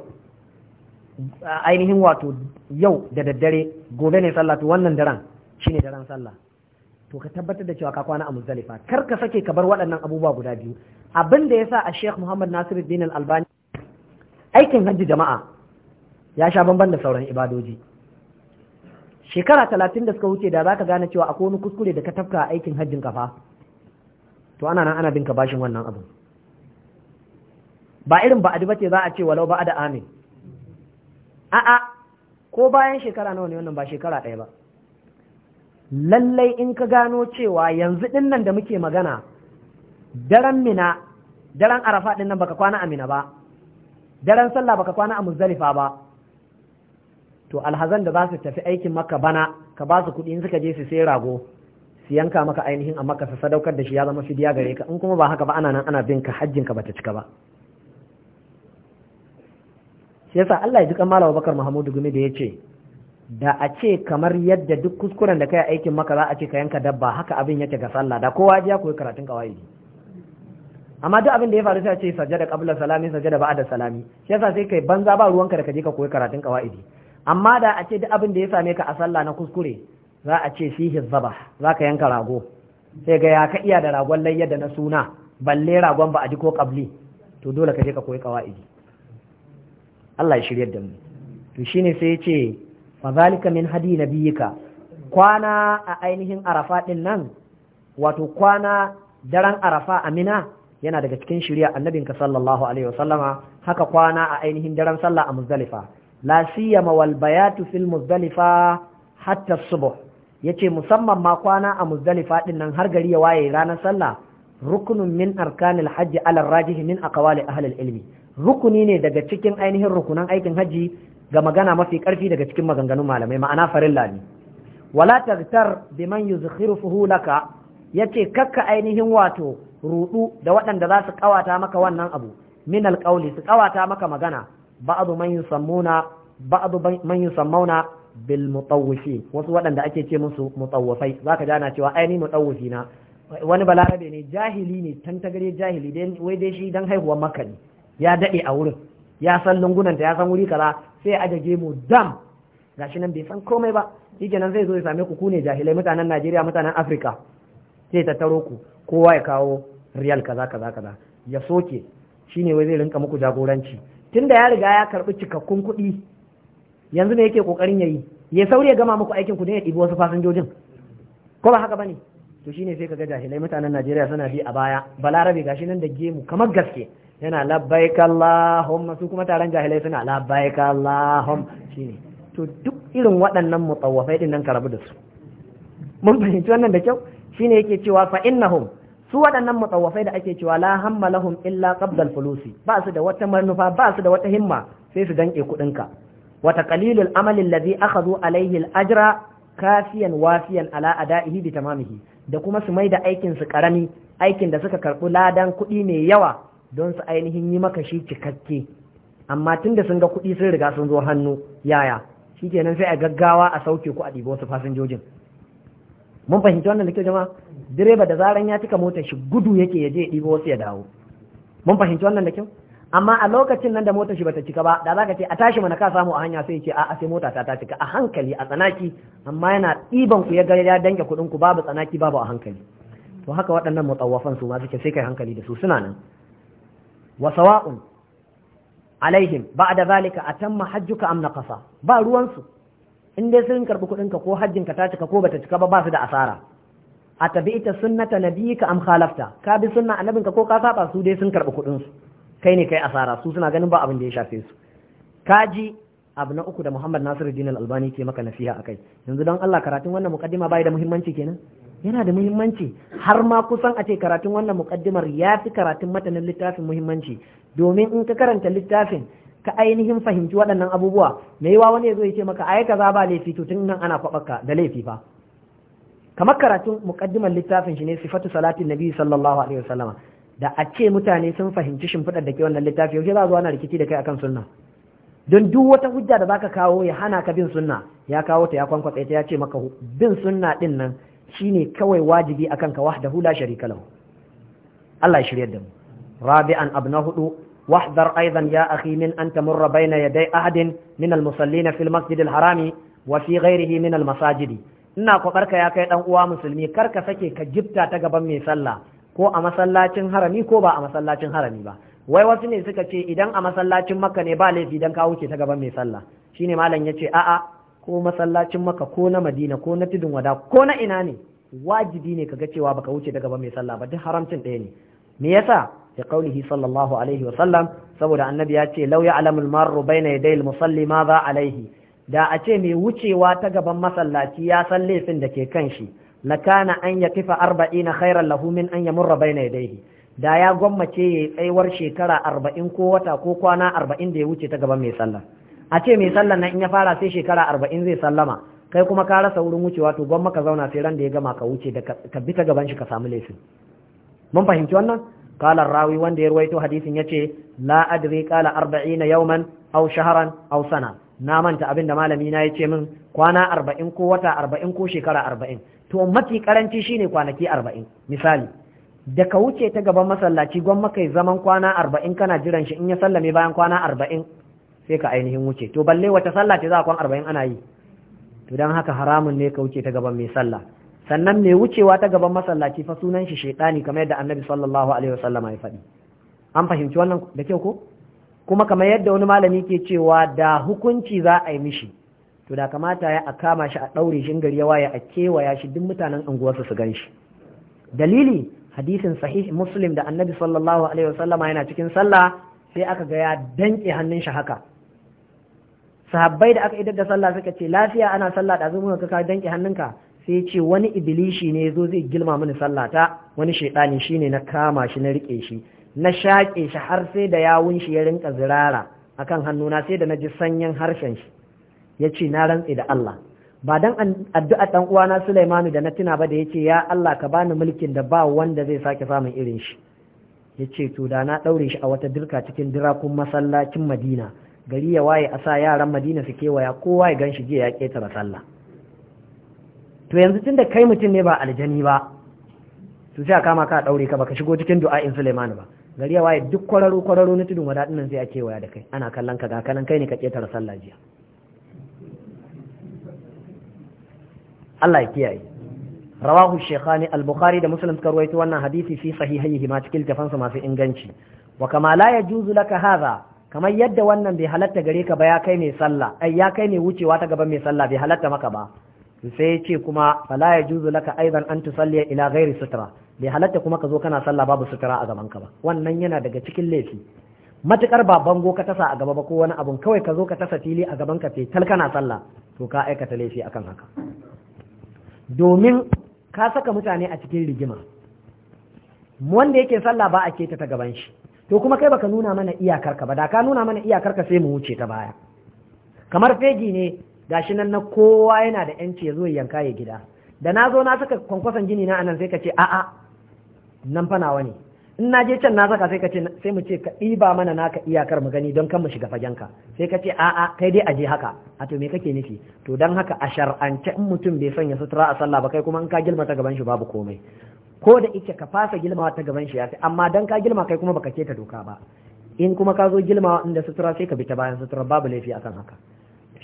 ainihin wato yau da daddare gobe ne sallah to wannan daren shine daren sallah to ka tabbatar da cewa ka kwana a muzdalifa kar ka sake ka bar waɗannan abubuwa guda biyu abin da yasa a Sheikh Muhammad Nasiruddin Al-Albani aikin hajji jama'a ya sha bamban da sauran ibadoji shekara talatin da suka wuce da za ka gane cewa akwai wani kuskure da ka tafka aikin hajjin kafa to ana nan ana bin ka bashin wannan abu. ba irin ba'adi ba ce za a ce walau ba da amin a'a ko bayan shekara nawa ne wannan ba shekara ɗaya ba lallai in ka gano cewa yanzu ɗin nan da muke magana daren mina daren arafa ɗin nan baka kwana a ba daren sallah baka kwana a muzdalifa ba to alhazan da za su tafi aikin maka bana ka ba su kuɗi in suka je su sai rago su yanka maka ainihin amma ka sadaukar da shi ya zama fidiya gare ka in kuma ba haka ba ana nan ana bin ka hajjin ka bata cika ba shi yasa Allah ya ji Malam Bakar Muhammadu Gumi da yace da a ce kamar yadda duk kuskuren da kai aikin maka za a ce ka yanka dabba haka abin yake ga sallah da kowa ya koyi karatun kawai amma duk abin da ya faru sai ce da qabla salami da ba'da salami shi yasa sai kai banza ba ruwanka da kaje ka koyi karatun kawaidi amma da a ce duk abin da ya same ka a sallah na kuskure za a ce fihi zaba za ka yanka rago sai ga ya ka iya da ragon layya da na suna balle ragon ba a ji ko kabli to dole ka je ka koyi kawa'idi Allah ya shirya da mu to shine sai ya ce fa zalika min hadi nabiyika kwana a ainihin arafa din nan wato kwana daren arafa amina yana daga cikin shirya annabinka sallallahu alaihi wasallama haka kwana a ainihin daren sallah a muzdalifa la siyama wal bayatu fil muzdalifa hatta subuh yace musamman ma kwana a muzdalifa din nan har gari ya waye ranar sallah rukunin min arkanil hajji ala rajih min aqwali ahli ilmi rukuni ne daga cikin ainihin rukunan aikin haji ga magana mafi karfi daga cikin maganganun malamai ma'ana farilla ne wala tagtar biman yuzkhiruhu laka yace kakka ainihin wato rudu da waɗanda za su kawata maka wannan abu min alqawli su kawata maka magana ba'du man yusammuna ba'du man bil mutawwifi wasu waɗanda ake ce musu mutawwafai zaka ga ana cewa ai ni mutawwifi na wani balarabe ne jahili ne tantagare jahili dai wai dai shi dan haihuwar makka ya dade a wurin ya san lungunanta ya san wuri kaza sai a jage mu dam gashi nan bai san komai ba nan zai zo ya same ku ku jahilai mutanen Najeriya mutanen Afirka sai ta taro ku kowa ya kawo riyal kaza kaza kaza ya soke shine wai zai rinka muku jagoranci tunda ya riga ya karbi cikakkun kuɗi yanzu ne yake kokarin yayi ya sauri ya gama muku aikin ku ne ya ɗibi wasu fasinjojin ko ba haka bane to shine sai kaga jahilai mutanen Najeriya suna bi a baya balarabe gashi nan da gemu kamar gaske yana labbaik Allahumma su kuma taron jahilai suna labbaik Allahum shine to duk irin waɗannan mutawaffai din nan ka rabu da su mun fahimci wannan da kyau shine yake cewa fa innahum su waɗannan mutawaffai da ake cewa la hamma illa qabdal fulusi ba su da wata manufa ba su da wata himma sai su danke kuɗinka wa amalin amal aka zo alayhi al-ajra kafiyan wafiyan ala ada'ihi bi tamamihi da kuma su mai da aikin su karami aikin da suka karɓi ladan kuɗi mai yawa don su ainihin yi maka shi cikakke amma tun da sun ga kuɗi sun riga sun zo hannu yaya shi kenan sai a gaggawa a sauke ku a ɗibo wasu fasinjojin mun fahimci wannan da kyau jama'a direba da zaran ya cika motar shi gudu yake ya je ya ɗibo wasu ya dawo mun fahimci wannan da kyau amma a lokacin nan da motar shi bata cika ba da zaka ce a tashi mana ka samu a hanya sai ce a'a sai mota ta ta cika a hankali a tsanaki amma yana diban ku ya ga ya danke kuɗin ku babu tsanaki babu a hankali to haka waɗannan mutawaffan su ma suke sai kai hankali da su suna nan wa sawa'un alaihim ba'da zalika atamma hajjuka am naqasa ba ruwan su in dai sun karbi kuɗin ka ko hajjin ka ta cika ko bata cika ba ba su da asara a ita sunnata nabiyika am khalafta ka bi sunna annabinka ko ka saba su dai sun karbi kuɗin su kai ne kai asara su suna ganin ba abin da ya shafe su kaji abu na uku da Muhammad Nasiru dina Albani ke maka nasiha kai. yanzu don Allah karatun wannan mukaddima bai da muhimmanci kenan yana da muhimmanci har ma kusan a ce karatun wannan mukaddimar ya fi karatun matanin littafin muhimmanci domin in ka karanta littafin ka ainihin fahimci waɗannan abubuwa me yawa wani ya zo ya ce maka a ai kaza ba laifi to tun nan ana kwaɓaka da laifi fa kamar karatun mukaddimar littafin shi ne sifatu salatin nabi sallallahu alaihi wasallama da a ce mutane sun fahimci shimfiɗar da ke wannan littafi yau za a zo ana rikici da kai akan sunna don duk wata hujja da zaka kawo ya hana ka bin sunna ya kawo ta ya kwankwatsa ta ya ce maka bin sunna din nan shine kawai wajibi akan ka wahdahu la sharika lahu Allah ya shirye da mu rabi'an abna hudu واحذر أيضا يا أخي من أن تمر ya dai Ahadin, من المصلين في المسجد الحرام وفي غيره من masajidi, ina kwabarka ya kai dan uwa musulmi kar ka sake ka jibta ta gaban mai sallah ko a masallacin harami ko ba a masallacin harami ba wai wasu ne suka ce idan a masallacin makka ne ba laifi dan ka wuce ta gaban mai sallah shine malam ya yace a'a ko masallacin makka ko na madina ko na tudun wada ko na ina ne wajibi ne ka ga cewa baka wuce ta gaban mai sallah ba duk haramcin ɗaya ne me yasa da qaulihi sallallahu alaihi wa sallam. saboda annabi ya ce law ya'lamu al-marru bayna yaday al-musalli ma za alaihi da a ce mai wucewa ta gaban masallaci ya san laifin da ke kan shi lakana an ya kifa arba'ina khairan lahu min an yamurra bayna yadayhi da ya gwammace ya tsayuwar shekara arba'in ko wata ko kwana arba'in da ya wuce ta gaban mai sallah a ce mai sallah nan in ya fara sai shekara arba'in zai sallama kai kuma ka rasa wurin wucewa to gwamma ka zauna sai ran da ya gama ka wuce da ka bi ta gaban shi ka samu laifin mun fahimci wannan kalar rawi wanda ya ruwaito hadisin ya la adri kala arba'ina yauman au shaharan au sana na manta abin da malami na ce min kwana arba'in ko wata arba'in ko shekara arba'in to mafi karanci shine kwanaki arba'in misali da ka wuce ta gaban masallaci gwamma kai zaman kwana arba'in kana jiran shi in ya sallame bayan kwana arba'in sai ka ainihin wuce to balle wata sallah ce za a kwan arba'in ana yi to don haka haramun ne ka wuce ta gaban mai sallah sannan mai wucewa ta gaban masallaci fa sunan shi shaitani kamar yadda annabi sallallahu alaihi wasallama ya faɗi an fahimci wannan da kyau ko kuma kamar yadda wani malami ke cewa da hukunci za a yi mishi to da kamata ya a kama shi a ɗaure shi gari ya waye a kewaya shi duk mutanen unguwarsa su gan shi dalili hadisin sahih muslim da annabi sallallahu alaihi wasallam yana cikin sallah sai aka ga ya danke hannun shi haka sahabbai da aka idar da sallah suka ce lafiya ana sallah da zuwa ka danke hannunka sai ce wani ibilishi ne zo zai gilma mini ta wani shaitani shine na kama shi na rike shi na shaƙe shi har sai da yawun shi ya rinka zirara akan hannuna sai da na ji sanyin harshen shi ya ce na rantse da Allah ba don addu'a ɗan uwana Sulaimanu da na tuna ba da ya ce ya Allah ka bani mulkin da ba wanda zai sake samun irin shi ya ce to da na ɗaure shi a wata dirka cikin dirakun masallacin Madina gari ya waye a sa yaran Madina su kewaya kowa ya shi jiya ya ketara sallah to yanzu tun da kai mutum ne ba aljani ba to sai kama ka ɗaure ka baka shigo cikin in Sulaimanu ba gari ya waye duk kwararo kwararo na tudun wadaɗin nan sai a kewaya da kai ana kallon ka ga kanan kai ne ka ketara sallah jiya Allah ya kiyaye rawahu shaykhani al-bukhari da muslim suka ruwaito wannan hadisi fi sahihaihi ma cikin littafansa masu inganci wa kama la yajuzu laka hadha kamar yadda wannan bai halatta gare ka ba ya kai mai sallah ai ya kai mai wucewa ta gaban mai sallah bai halatta maka ba sai ya ce kuma fala ya juzu laka aidan an tusalli ila ghairi sutura bai halatta kuma ka zo kana sallah babu sutura a gaban ka ba wannan yana daga cikin laifi matukar ba bango ka tasa a gaba ba ko wani abun kawai ka zo ka tasa fili a gaban ka fetal kana sallah to ka aikata laifi akan haka domin ka saka mutane a cikin rigima wanda yake sallah ba a keta ta gaban shi to kuma kai baka nuna mana iyakarka ba da ka nuna mana iyakar ka sai mu wuce ta baya kamar fegi ne gashi nan na kowa yana da yanci ya zo yanka ya gida da na zo na saka kwankwason gini na anan sai ka ce a'a nan fa nawa ne in na je can na saka sai ka ce sai mu ce ka ɗiba mana naka iyakar mu gani don kan mu shiga fagenka sai ka ce a'a kai dai aje haka a to me kake nufi to don haka a shar'ance in mutum bai sanya sutura a sallah ba kai kuma in ka gilma ta gaban shi babu komai ko da ita ka fasa gilmawa ta gaban shi ya fi amma dan ka gilma kai kuma baka keta doka ba in kuma ka zo gilmawa inda sutura sai ka bi ta bayan sutura babu laifi akan haka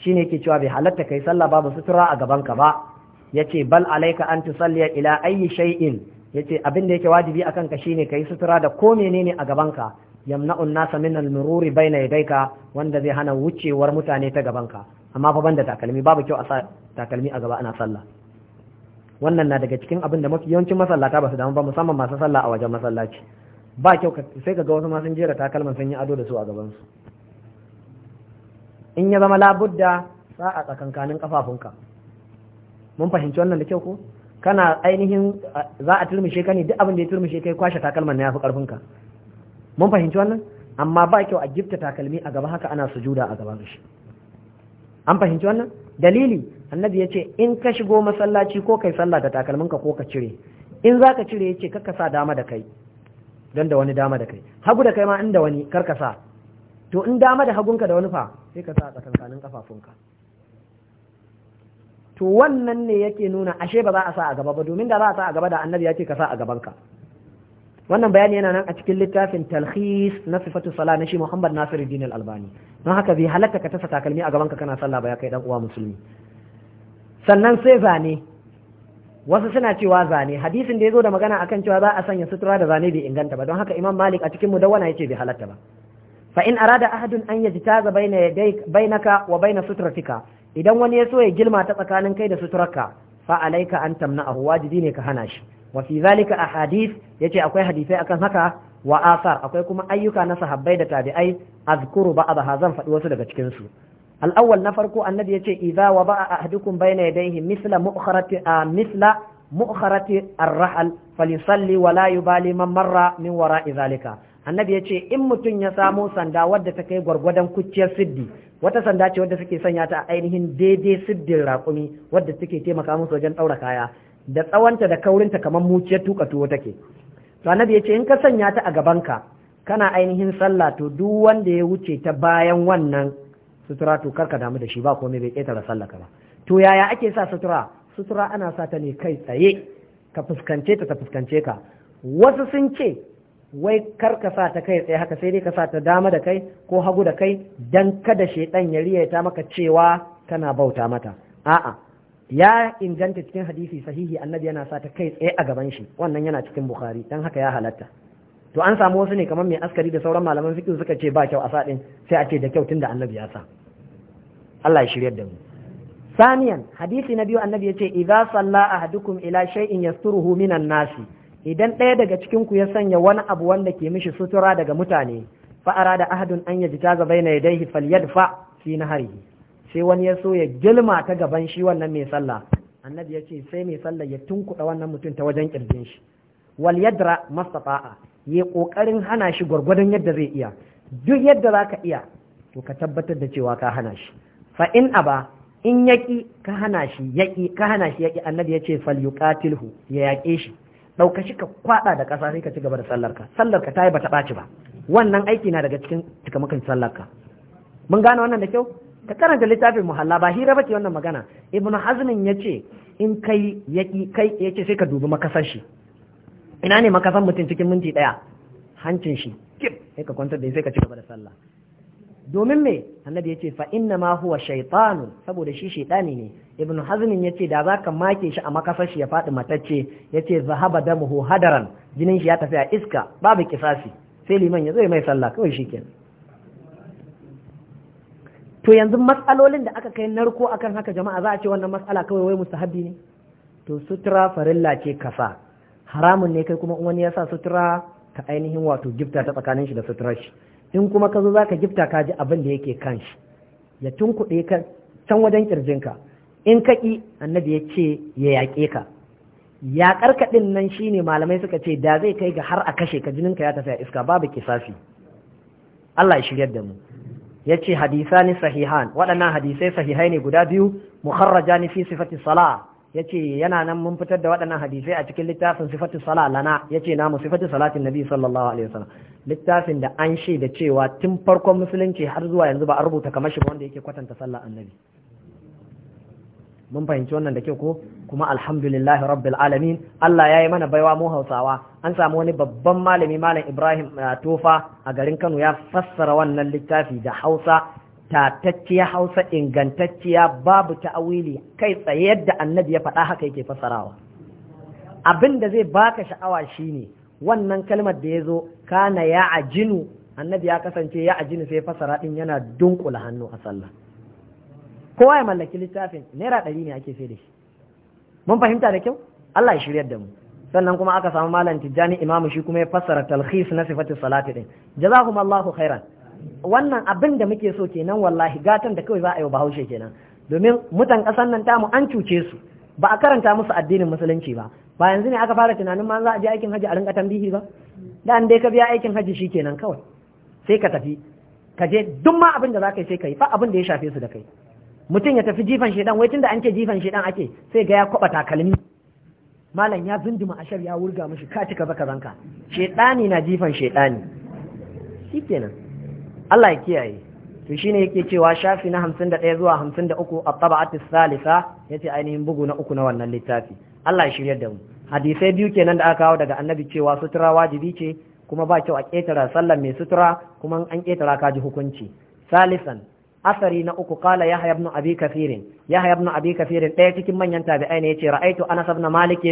shine yake cewa bai halatta kai sallah babu sutura a gaban ka ba Ya ce bal alaika an tusalliya ila ayyi shay'in Ya ce abin da yake wajibi akan ka shine yi sutura da ko menene a gabanka yamna'un nasa min al-mururi baina yadayka wanda zai hana wucewar mutane ta gabanka amma fa banda takalmi babu kyau a sa takalmi a gaba ana sallah wannan na daga cikin abin da mafi yawancin masallata ba su damu ba musamman masu sallah a wajen masallaci ba kyau sai ka ga wasu masu jera takalman sun yi ado da su a gaban su in ya zama labudda sa a tsakankanin kafafunka mun fahimci wannan da kyau ko kana ainihin za a turmushe ka ne duk abin da ya turmushe kai kwashe takalman na yafi fi ƙarfinka mun fahimci wannan amma ba kyau a gifta takalmi a gaba haka ana sujuda a gaban shi an fahimci wannan dalili annabi ya ce in ka shigo masallaci ko kai sallah da takalminka ko ka cire in za ka cire ya ce ka sa dama da kai don da wani dama da kai hagu da kai ma inda wani kar ka sa to in dama da hagunka da wani fa sai ka sa a tsakankanin kafafunka to wannan ne yake nuna ashe ba za a sa a gaba ba domin da za a sa a gaba da annabi ya ce ka sa a gaban ka wannan bayani yana nan a cikin littafin talhis na sifatu sala na shi muhammad nasiru din albani don haka bai halatta ka tasa takalmi a gaban ka kana sallah ba ya kai dan uwa musulmi sannan sai zane wasu suna cewa zane hadisin da ya zo da magana akan cewa za a sanya sutura da zane bai inganta ba don haka imam malik a cikin mudawwana yace bai halatta ba fa in arada ahadun an yaji taza bainaka wa baina sutratika idan wani ya so ya gilma ta tsakanin kai da suturarka fa alaika an a wajibi ne ka hana shi wa fi zalika ya ce akwai hadisai akan haka wa asar akwai kuma ayyuka na sahabbai da tabi'ai azkuru ba'daha zan faɗi wasu daga cikin su na farko annabi ya ce wa ba'a ahadukum bayna yadayhi misla mu'kharati misla mu'kharati ar-rahl wa la yubali man marra min wara'i zalika annabi ya ce in mutum ya samo sanda wadda ta kai gwargwadon kuciyar siddi wata sanda ce wadda suke sanya ta a ainihin daidai siddin raƙumi wadda suke taimaka musu wajen ɗaura kaya da tsawonta da kaurinta kamar muciyar tuka tuwo take to annabi ya ce in ka sanya ta a ka. kana ainihin sallah to duk wanda ya wuce ta bayan wannan sutura to karka damu da shi ba komai bai ƙetare sallaka ba to yaya ake sa sutura sutura ana sa ta ne kai tsaye ka fuskance ta ta fuskance ka wasu sun ce wai kar ka sa ta kai tsaye haka sai dai ka sa ta dama da kai ko hagu da kai dan kada shaitan ya riyata maka cewa kana bauta mata a'a ya inganta cikin hadisi sahihi annabi yana sa ta kai tsaye a gaban shi wannan yana cikin bukhari dan haka ya halatta to an samu wasu ne kamar mai askari da sauran malaman fiqh suka ce ba kyau a sa din sai a ce da kyau tunda annabi ya sa Allah ya shiryar da mu saniyan hadisi na biyu annabi ya ce idza salla ahadukum ila shay'in yasturuhu minan nasi idan ɗaya daga cikin ku ya sanya wani abu wanda ke mishi sutura daga mutane fa'ara da ahadun an yaji ta zabai na yadaihi falyadfa fi naharihi sai wani ya so ya gilma ta gaban shi wannan mai sallah annabi ya ce sai mai sallah ya tunkuɗa wannan mutum ta wajen ƙirjin shi wal yadra mastata'a ya ƙoƙarin hana shi gwargwadon yadda zai iya duk yadda za ka iya to ka tabbatar da cewa ka hana shi fa in aba in yaki ka hana shi yaki ka hana shi yaki annabi ya ce falyuqatilhu ya yaƙe shi ɗaukaci ka kwaɗa da ƙasa sai ka ci gaba da sallarka sallarka ta yi bata ɓaci ba wannan aiki na daga cikin cikamakon sallarka mun gane wannan da kyau ka karanta littafin muhalla ba hira bace wannan magana ibnu hazmin yace in kai yaki kai yace sai ka dubi makasar shi ina ne makasar mutum cikin minti daya hancin shi kip sai ka kwantar da sai ka ci gaba da sallah domin me annabi yace fa inna ma huwa shaytanu saboda shi shaytani ne ibnu hazm yace da zaka make shi a makasar ya fadi matacce yace zahaba damuhu hadaran jinin shi ya tafi a iska babu kisasi sai liman ya zo mai sallah kawai shikenan to yanzu matsalolin da aka kai narko akan haka jama'a za a ce wannan matsala kawai wai mustahabi ne to sutura farilla ce kasa haramun ne kai kuma wani yasa sutra sutura ka ainihin wato gifta ta tsakanin shi da suturar shi in kuma ka zo zaka gifta ka ji abin da yake kan shi ya tunkuɗe ka can wajen ƙirjinka in ka ƙi annabi ya ce ya yaƙe ka yaƙar ka ɗin nan ne malamai suka ce da zai kai ga har a kashe ka jininka ya tafi a iska babu kisafi Allah ya shiryar da mu ya ce hadisani sahihan waɗannan hadisai sahihai ne guda biyu muharraja ni fi sifati salaa yace yana nan mun fitar da waɗannan hadisai a cikin littafin sifatu sala lana yace namu sifatu salatin nabi sallallahu alaihi wasallam littafin da an shaida cewa tun farkon musulunci har zuwa yanzu ba a rubuta kamar shi ba wanda yake kwatanta sallah annabi mun fahimci wannan da kyau ko kuma alhamdulillahi rabbil alamin Allah ya yi mana baiwa mu Hausawa an samu wani babban malami malam Ibrahim eh, Tofa a garin Kano ya fassara wannan littafi da Hausa tatacciya hausa ingantacciya babu ta'awili kai tsaye yadda annabi ya faɗa haka yake fasarawa abin da zai baka sha'awa shine wannan kalmar da ya zo kana ya ajinu annabi ya kasance ya ajinu sai fasara ɗin yana dunkula hannu a sallah kowa ya mallaki littafin naira ɗari ne ake saida shi mun fahimta da kyau Allah ya shirya da mu sannan kuma aka samu malam tijjani imamu shi kuma ya fasara, talhis na sifatin salati din jazakumullahu khairan wannan abin da muke so kenan wallahi gatan da kawai za a yi bahaushe kenan domin mutan ƙasar nan tamu an cuce su ba a karanta musu addinin musulunci ba ba yanzu ne aka fara tunanin ma za a je aikin haji a rinka tambihi ba da an dai ka biya aikin haji shi kenan kawai sai ka tafi ka je duk ma abin da za ka yi sai ka yi fa abin da ya shafe su da kai mutum ya tafi jifan shedan wai tunda an ce jifan shedan ake sai ga ya kwaba takalmi malam ya zunduma ashar ya wurga mishi ka cika zaka zanka shedani na jifan shedani shikenan Allah ya kiyaye to shine yake cewa shafi na 51 zuwa 53 a tabaat salisa yace ainihin bugu na uku na wannan littafi Allah ya shiryar da mu hadisai biyu kenan da aka kawo daga annabi cewa sutura wajibi ce kuma ba kyau a ketara sallan mai sutura kuma an ketara ka ji hukunci salisan asari na uku kala yahya ibn abi kafirin yahya ibn abi kafirin ɗaya cikin manyan tabi'ai ne yace ra'aitu anas ibn malik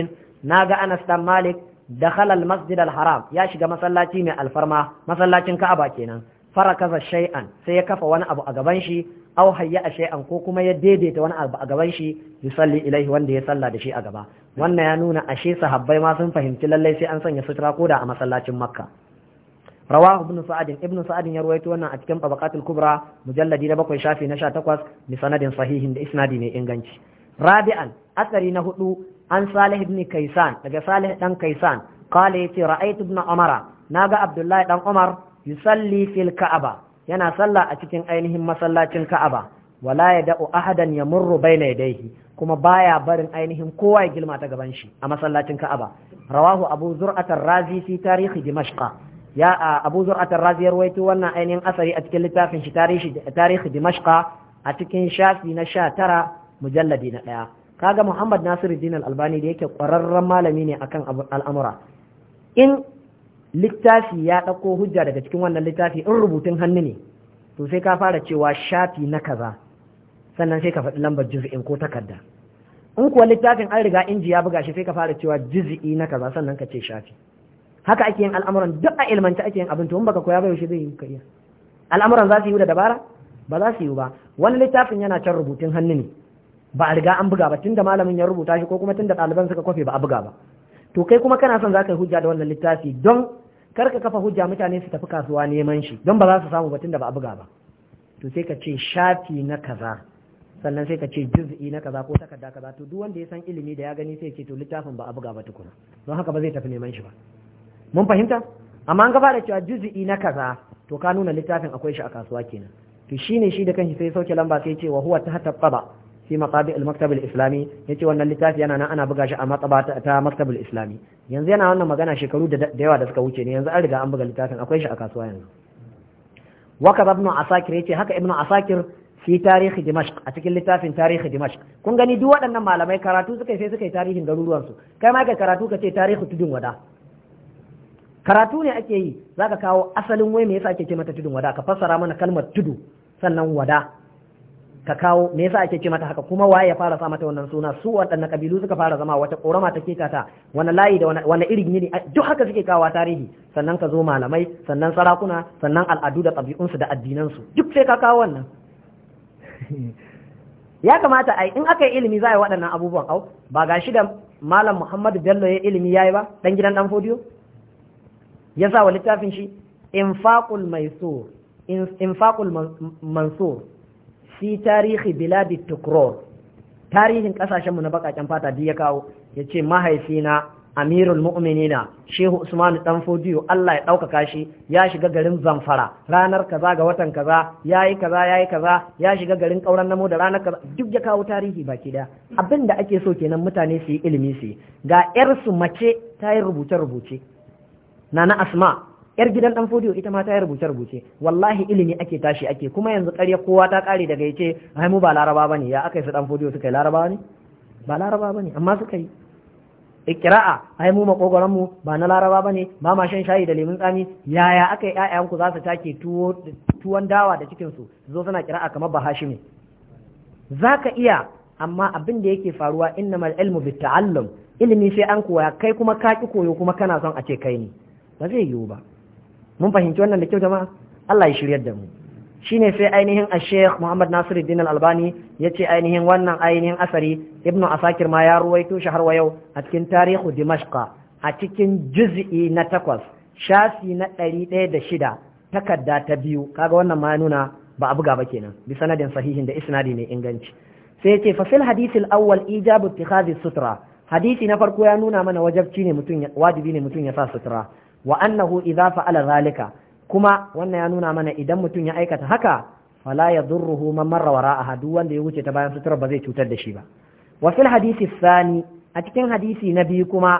naga anas dan malik dakhala al-masjid al-haram ya shiga masallaci mai alfarma masallacin ka'aba kenan farakaza shay'an sai ya kafa wani abu a gaban shi aw hayya shay'an ko kuma ya daidaita wani abu a gaban shi yusalli ilaihi wanda ya salla da shi a gaba wannan ya nuna ashe sahabbai ma sun fahimci lallai sai an sanya sutura koda a masallacin makka rawahu ibnu sa'ad ibn sa'ad ya ruwaito wannan a cikin tabaqatul kubra mujalladi na bakwai shafi na 18 bi sanadin sahihin da isnadi ne inganci rabi'an asari na hudu an salih ibn kaisan daga salih dan kaisan qala yace ra'aytu ibn umara naga abdullahi dan umar yusalli fil ka'aba yana sallah a cikin ainihin masallacin ka'aba wala ya da'u ahadan ya murru baina yadayhi kuma baya barin ainihin kowa ya gilma ta gaban shi a masallacin ka'aba rawahu abu zur'at razi fi tarihi dimashqa ya abu zur'at razi ya rawaito wannan ainihin asari a cikin littafin shi tarihi tarihi dimashqa a cikin shafi na sha tara mujalladi na ɗaya kaga muhammad nasiru albani da yake kwararren malami ne akan al'amura in littafi ya ɗauko hujja daga cikin wannan littafi in rubutun hannu ne to sai ka fara cewa shafi na kaza sannan sai ka faɗi lambar juz'in ko takarda in kuwa littafin an riga inji ya buga shi sai ka fara cewa juz'i na kaza sannan ka ce shafi haka ake yin al'amuran duk a ilmance ake yin abin to in baka koya ba yaushe zai yi kariya iya al'amuran za su yi da dabara ba za su yi ba wani littafin yana can rubutun hannu ne ba a riga an buga ba tunda malamin ya rubuta shi ko kuma tunda ɗaliban suka kwafe ba a buga ba to kai kuma kana son za ka yi hujja da wannan littafi don kar ka kafa hujja mutane su tafi kasuwa neman shi don ba za su samu batun da ba a buga ba to sai ka ce shafi na kaza sannan sai ka ce juz'i na kaza ko takarda kaza to duk wanda ya san ilimi da ya gani sai ce to littafin ba a buga ba tukuna don haka ba zai tafi neman shi ba mun fahimta amma an gaba da cewa juz'i na kaza to ka nuna littafin akwai shi a kasuwa kenan to shine shi da kanshi sai sauke lamba sai ce wa huwa ta fi maqabi al-maktab Ya islami wannan littafi yana ana buga shi a matsaba ta maktab al-islami yanzu yana wannan magana shekaru da yawa da suka wuce ne yanzu an riga an buga littafin akwai shi a kasuwa yanzu waka ibn asakir yace haka ibn asakir fi tarihi dimashq a cikin littafin tarihi dimashq kun gani duk waɗannan malamai karatu suka yi sai suka yi tarihin kai ma ka karatu ka ce tarihi tudun wada karatu ne ake yi zaka kawo asalin wai me yasa ake mata tudun wada ka fassara mana kalmar tudu sannan wada ka kawo me yasa ake ce mata haka kuma waye ya fara sa mata wannan suna su waɗanne kabilu suka fara zama wata korama take kata wani layi da wani irin yini duk haka suke kawo tarihi sannan ka zo malamai sannan sarakuna sannan al'adu da ɗabi'unsu da addinansu duk sai ka kawo wannan ya kamata ai in aka yi ilimi za a yi waɗannan abubuwan au ba ga shi da malam muhammadu bello ya ilimi ya yi ba dan gidan dan fodiyo ya sa wa littafin shi infaqul maisur infaqul mansur fi tarihi biladi tukror tarihin kasashenmu na bakaken fata da ya kawo ya ce mahaifina amirul mu'minina shehu usman dan fodiyo Allah ya ɗaukaka shi ya shiga garin zamfara ranar kaza ga watan kaza yayi kaza yayi kaza ya shiga garin kauran namo da ranar kaza duk ya kawo tarihi baki da Abinda da ake so kenan mutane su yi ilimi su ga yar su mace ta yi rubuce rubuce nana asma yar gidan dan fodiyo ita ma ta yi rubuce rubuce wallahi ilimi ake tashi ake kuma yanzu ƙarya kowa ta ƙare daga yace ai mu ba laraba bane ya aka yi su dan fodiyo suka yi laraba ne ba laraba bane amma suka yi ikira'a ai mu makogoron mu ba na laraba bane ba ma shan shayi da lemun tsami yaya aka yi ƴaƴan ku za su take tuwo tuwon dawa da cikin su zo suna kira'a kamar ba hashimi zaka iya amma abin da yake faruwa in innamal ilmu bitta'allum ilimi sai an koya kai kuma ka ƙi koyo kuma kana son a ce kai ne ba zai yiwu ba mun fahimci wannan da kyau jama'a Allah ya shiryar da mu shine sai ainihin Sheikh Muhammad Nasiruddin Al-Albani ya ce ainihin wannan ainihin asari Ibn Asakir ma ya ruwaito shi har wa yau a cikin tarihu Dimashqa a cikin juz'i na takwas shafi na ɗari ɗaya da shida takarda ta biyu kaga wannan ma nuna ba a buga ba kenan bi sanadin sahihin da isnadi mai inganci sai yace fa fil hadithil awwal ijabu ittikhadhi sutra hadisi na farko ya nuna mana ne wajibi ne mutum ya sa sutura wa annahu idza fa'ala zalika kuma wannan ya nuna mana idan mutum ya aikata haka fala yadurruhu man marra wara'aha duk wanda ya wuce ta bayan sutura ba zai cutar da shi ba wa fil hadisi sani a cikin hadisi na biyu kuma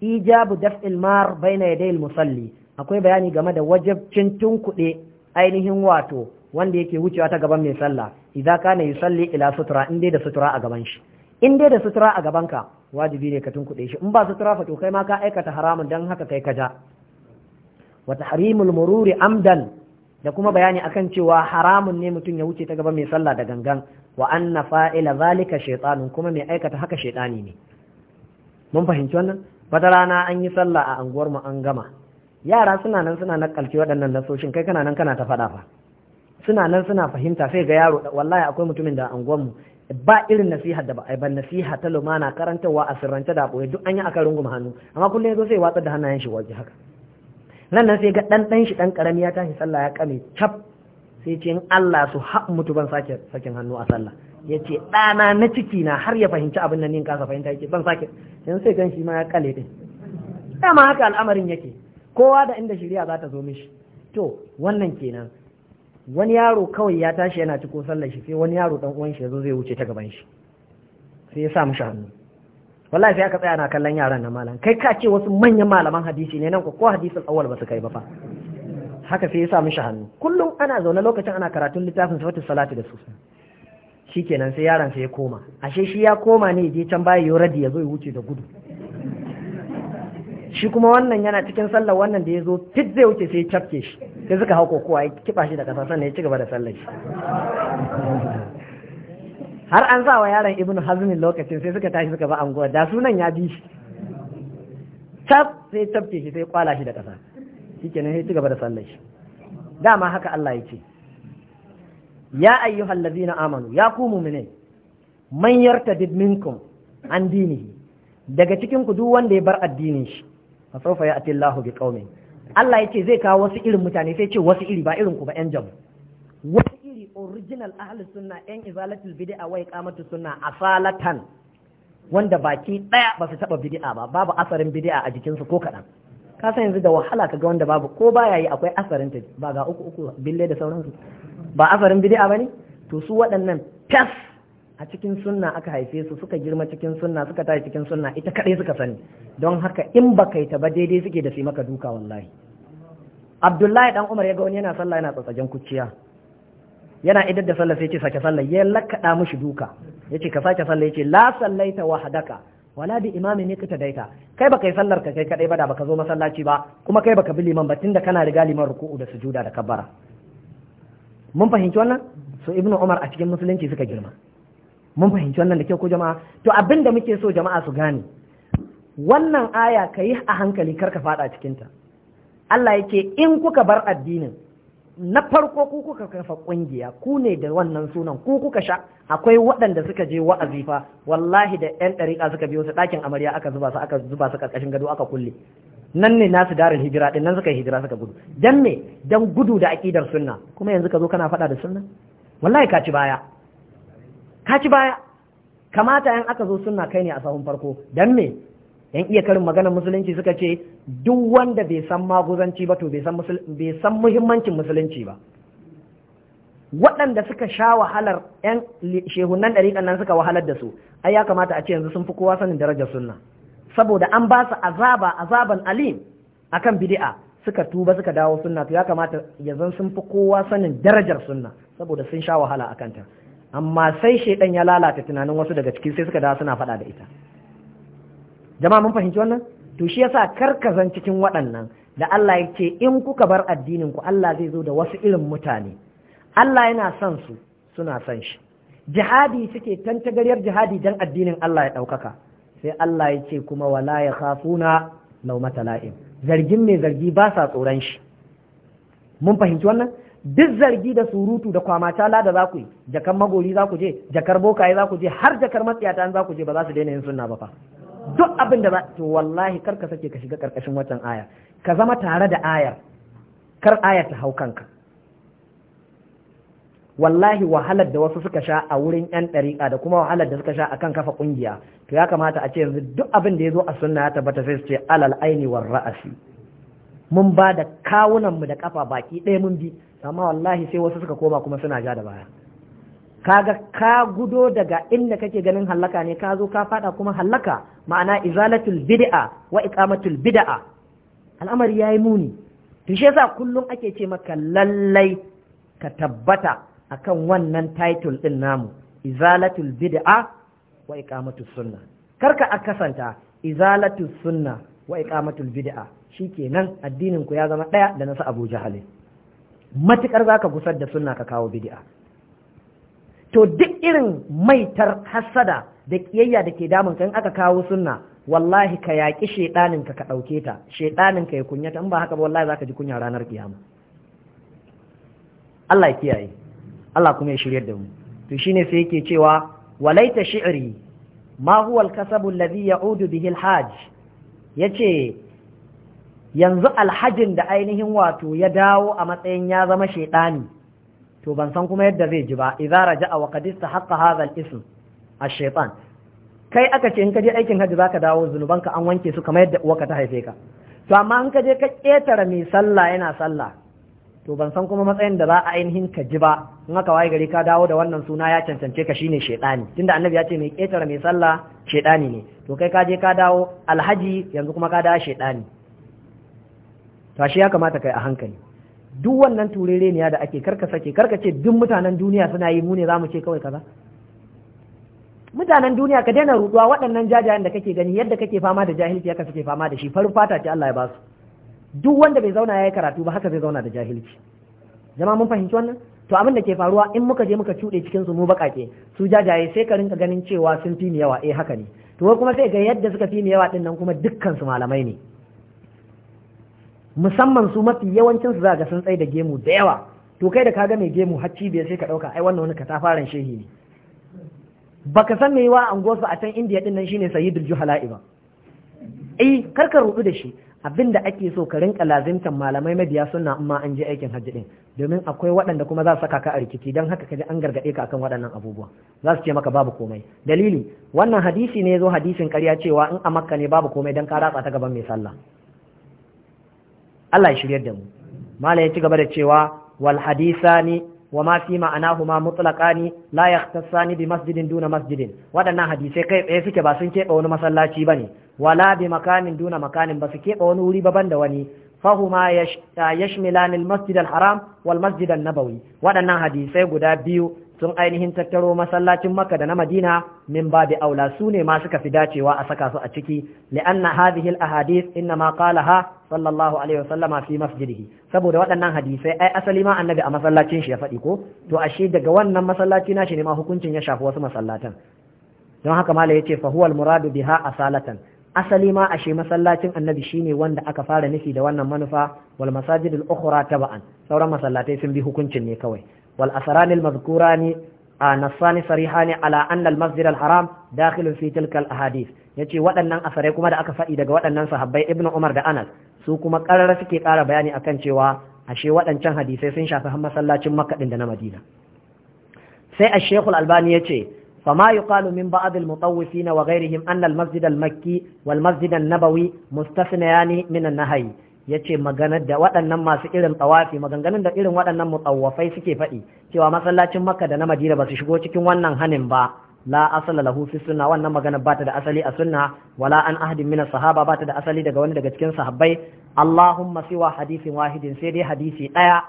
ijabu daf'il mar baina yaday al musalli akwai bayani game da wajibcin tunkuɗe ainihin wato wanda yake wucewa ta gaban mai sallah idza kana yusalli ila sutura in dai da sutura a gaban shi in dai da sutura a gabanka, wajibi ne ka tunkuɗe shi in ba sutura fa to kai ma ka aikata haramun dan haka kai ka ja Wata harimul mururi amdan da kuma bayani akan cewa haramun ne mutum ya wuce ta gaba mai sallah da gangan wa anna fa'ila zalika shaytanun kuma mai aikata haka shaytani ne mun fahimci wannan wata rana an yi sallah a anguwar mu an gama yara suna nan suna nakalci waɗannan nasoshin kai kana nan kana ta faɗa fa suna nan suna fahimta sai ga yaro wallahi akwai mutumin da anguwar mu ba irin nasiha da ba ai ban nasiha ta lumana karantarwa a sirrance da boye duk an yi aka runguma hannu amma kullum yazo sai watsar da hannayen shi waje haka nan nan sai ga dan dan shi dan karami ya tashi sallah ya kame cap sai ce in Allah su ha mutu ban sake sakin hannu a sallah ce dana na ciki na har ya fahimci abin nan ne kasa fahimta yake ban sake yanzu sai gan shi ma ya kale din dama haka al'amarin yake kowa da inda shirya za ta zo mishi to wannan kenan wani yaro kawai ya tashi yana ciko sallar shi sai wani yaro dan uwan shi ya zo zai wuce ta gaban shi sai ya sa mishi hannu wallahi sai aka tsaya na kallon yaran na malam kai ka ce wasu manyan malaman hadisi ne nan ko ko hadisin awwal ba su kai ba fa haka sai ya sa mishi hannu kullum ana zaune lokacin ana karatun littafin sifatul salati da su shikenan sai yaran sai ya koma ashe shi ya koma ne je can baya yoradi ya zo ya wuce da gudu shi kuma wannan yana cikin sallar wannan da ya zo fit zai wuce sai ya cafke shi sai suka hau kokowa ya kiba shi da kasa sannan ya ci gaba da sallar shi har an za wa yaron ibnu hazmin lokacin sai suka tashi suka ba anguwa da sunan ya bi shi tab sai tabke shi sai kwala shi da ƙasa shikenan sai cigaba da sallar shi dama haka Allah ya ce ya ayyuhal ladzina amanu ya ku mu'mine man yartadid minkum an dinihi daga cikin ku duk wanda ya bar addinin shi fa sawfa ya'ti Allahu bi qaumin Allah ya ce zai kawo wasu irin mutane sai ce wasu iri ba irin ku ba yan jamu original ahli sunna yan izalatul bid'a wa iqamatu sunna asalatan wanda baki daya ba su taba bid'a ba babu asarin bid'a a jikinsu ko kadan ka san yanzu da wahala kaga wanda babu ko baya yi akwai asarin ta ba ga uku uku bille da sauransu ba asarin bid'a bane to su waɗannan tas a cikin sunna aka haife su suka girma cikin sunna suka tashi cikin sunna ita kadai suka sani don haka in ba kai ta ba daidai suke da su maka duka wallahi Abdullahi dan Umar ya ga wani yana sallah yana tsatsajen kuciya yana idar da sallah sai ce sake sallah ya lakkaɗa mushi duka yace ka sake sallah yace la sallaita wahdaka wala bi ne ka daita kai baka yi sallar ka kai kadai ba da baka zo masallaci ba kuma kai baka bi liman ba tunda kana riga liman ruku'u da sujuda da kabbara mun fahimci wannan so ibnu umar a cikin musulunci suka girma mun fahimci wannan da ke ko jama'a to abin da muke so jama'a su gane wannan aya ka yi a hankali kar ka fada cikinta Allah yake in kuka bar addinin na farko ku kuka kafa kungiya ku ne da wannan sunan ku kuka sha akwai waɗanda suka je wa'azi fa wallahi da ɗan ɗariƙa suka biyo su ɗakin amarya aka zuba su aka zuba su ƙarƙashin gado aka kulle nan ne nasu darin hijira din nan suka hijira suka gudu dan me dan gudu da aƙidar sunna kuma yanzu ka zo kana faɗa da sunna wallahi ka ci baya ka ci baya kamata yan aka zo sunna kai ne a sahun farko dan me yan iya karin maganar musulunci suka ce duk wanda bai san maguzanci ba to bai san muhimmancin musulunci ba waɗanda suka sha wahalar yan shehunan ɗariƙan nan suka wahalar da su ai ya kamata a ce yanzu sun fi kowa sanin darajar sunna saboda an ba su azaba azaban alim akan bid'a suka tuba suka dawo sunna to ya kamata yanzu sun fi kowa sanin darajar sunna saboda sun sha wahala akan ta amma sai shedan ya lalata tunanin wasu daga cikin sai suka dawo suna faɗa da ita jama'a mun fahimci wannan to shi yasa zan cikin waɗannan da Allah ya ce in kuka bar addinin ku Allah zai zo da wasu irin mutane Allah yana son su suna son shi jihadi suke tantagaryar jihadi dan addinin Allah ya ɗaukaka sai Allah ya ce kuma wala ya khafuna laumata la'im zargin mai zargi ba sa tsoron shi mun fahimci wannan duk zargi da surutu da kwamata la da za ku yi jakar magori za ku je jakar bokaye za ku je har jakar matsiyata za ku je ba za su daina yin sunna ba fa duk abin da to wallahi kar ka sake ka shiga karkashin watan aya ka zama tare da ayar kar aya ta hau kanka wallahi wahalar da wasu suka sha a wurin yan ɗariƙa da kuma wahalar da suka sha akan kafa ƙungiya to ya kamata a ce yanzu duk abin da ya zo a sunna ya tabbata sai su ce alal aini war ra'asi mun ba da kawunanmu da kafa baki ɗaya mun bi amma wallahi sai wasu suka koma kuma suna ja da baya Ka ga ka gudo daga inda kake ganin hallaka ne ka zo ka fada kuma hallaka ma'ana izalatul bid'a wa iqamatul bid'a al'amari yayi muni to shi yasa kullum ake ce maka lallai ka tabbata akan wannan title din namu izalatul bid'a wa iqamatus sunna karka akasanta izalatus sunna wa iqamatul bid'a shikenan addinin ku ya zama daya da nasu Abu Jahal matukar zaka gusar da sunna ka kawo bid'a to duk irin maitar hassada da kiyayya da ke damun kan aka kawo sunna wallahi ka yaƙi shaidaninka ka ɗauke ta ka ya kunyata in ba haka ba wallahi zaka ji kunya ranar kiyama Allah ya kiyaye Allah kuma ya shiryar da mu to shine sai yake cewa walaita shi'ri ma huwa al-kasabu alladhi ya'udu bihi al-hajj yace yanzu alhajin da ainihin wato ya dawo a matsayin ya zama shaidani to ban san kuma yadda zai ji ba idza raja'a wa qad istahaqqa hadha al-ism ash-shaytan kai aka ce in ka je aikin hajji zaka dawo zunubanka an wanke su kamar yadda uwarka ta haife ka to amma in ka je ka ketara mai sallah yana sallah to ban san kuma matsayin da za a ainihin ka ji ba in aka waye gari ka dawo da wannan suna ya cancance ka shine shaytani tunda annabi ya ce mai ketara mai sallah shaytani ne to kai ka je ka dawo alhaji yanzu kuma ka dawo shaytani to shi ya kamata kai a hankali duk wannan turere da ake karkasa sake karkace ce duk mutanen duniya suna yi mune za mu ce kawai kaza mutanen duniya ka daina ruduwa waɗannan jajayen da kake gani yadda kake fama da jahilci haka suke fama da shi farin fata ce Allah ya basu duk wanda bai zauna yayi karatu ba haka zai zauna da jahilci jama mun fahimci wannan to abin da ke faruwa in muka je muka cuɗe cikin su mu bakake su jajaye sai ka rinka ganin cewa sun fi mu yawa eh haka ne to kuma sai ga yadda suka fi mu yawa din nan kuma dukkan su malamai ne musamman su mafi yawancin su za ga sun tsaye da gemu da yawa to kai da ka ga mai gemu hacci bai sai ka dauka ai wannan wani katafaren shehi ne baka san me wa gosu a can indiya din nan shine sayyidul juhala'i ba eh kar ka da shi abinda ake so ka rinka lazimtan malamai mabiya sunna amma an je aikin hajji din domin akwai waɗanda kuma za su saka ka a rikici don haka kaji an gargaɗe ka akan waɗannan abubuwa za su ce maka babu komai dalili wannan hadisi ne ya zo hadisin ƙarya cewa in a makka ne babu komai don ka ratsa ta gaban mai sallah Allah ya shiryar da mu mala ya ci gaba da cewa wal hadisani wa ma fi ma'anahuma mutlaqani la yahtassani bi masjidin duna masjidin waɗannan hadisai kai tsaye suke ba sun keɓe wani masallaci bane wala bi makanin duna makanin ba su keɓe wani wuri ba da wani fahuma ah, yashmilan al masjid al haram wal masjid an nabawi waɗannan hadisai guda biyu sun ainihin tattaro masallacin Makka da na Madina min babi aula su ne ma suka fi dacewa a saka su a ciki li'anna hadhihi al ahadith inna ma qalaha sallallahu alaihi wasallama fi masjidihi saboda waɗannan hadisai ai asali ma annabi a masallacin shi ya faɗi ko to ashe daga wannan masallaci shi ne ma hukuncin ya shafi wasu masallatan don haka mala yace fa huwal muradu biha asalatan asali ma ashe masallacin annabi shine wanda aka fara nufi da wannan manufa wal masajidul ukhra taba'an sauran masallatai sun bi hukuncin ne kawai wal asranil mazkurani a nasani sarihani ala anna al-masjid al-haram dakhilun fi tilka al-ahadith yace waɗannan asarai kuma da aka faɗi daga waɗannan sahabbai ibnu umar da anas su kuma karara suke ƙara bayani akan cewa ashe waɗancan hadisai sun shafi har masallacin makka din da na madina sai a shaykh albani ya ce فما يقال من بعض المطوفين وغيرهم أن المسجد المكي والمسجد النبوي مستثنيان من النهي ya ce maganar da waɗannan masu irin tsawafi maganganun da irin waɗannan mutsawafai suke faɗi cewa masallacin makka da na madina ba su shigo cikin wannan hanin ba la asala lahu fi sunna wannan magana bata da asali a sunna wala an ahadin min sahaba bata da asali daga wani daga cikin sahabbai allahumma siwa hadisin wahidin sai dai hadisi daya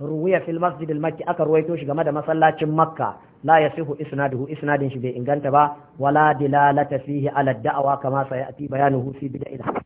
ruwiya fil masjid al makki aka ruwaito shi game da masallacin makka la yasihu isnaduhu isnadin shi bai inganta ba wala dilalata fihi ala da'awa kama sayati bayanuhu fi bid'il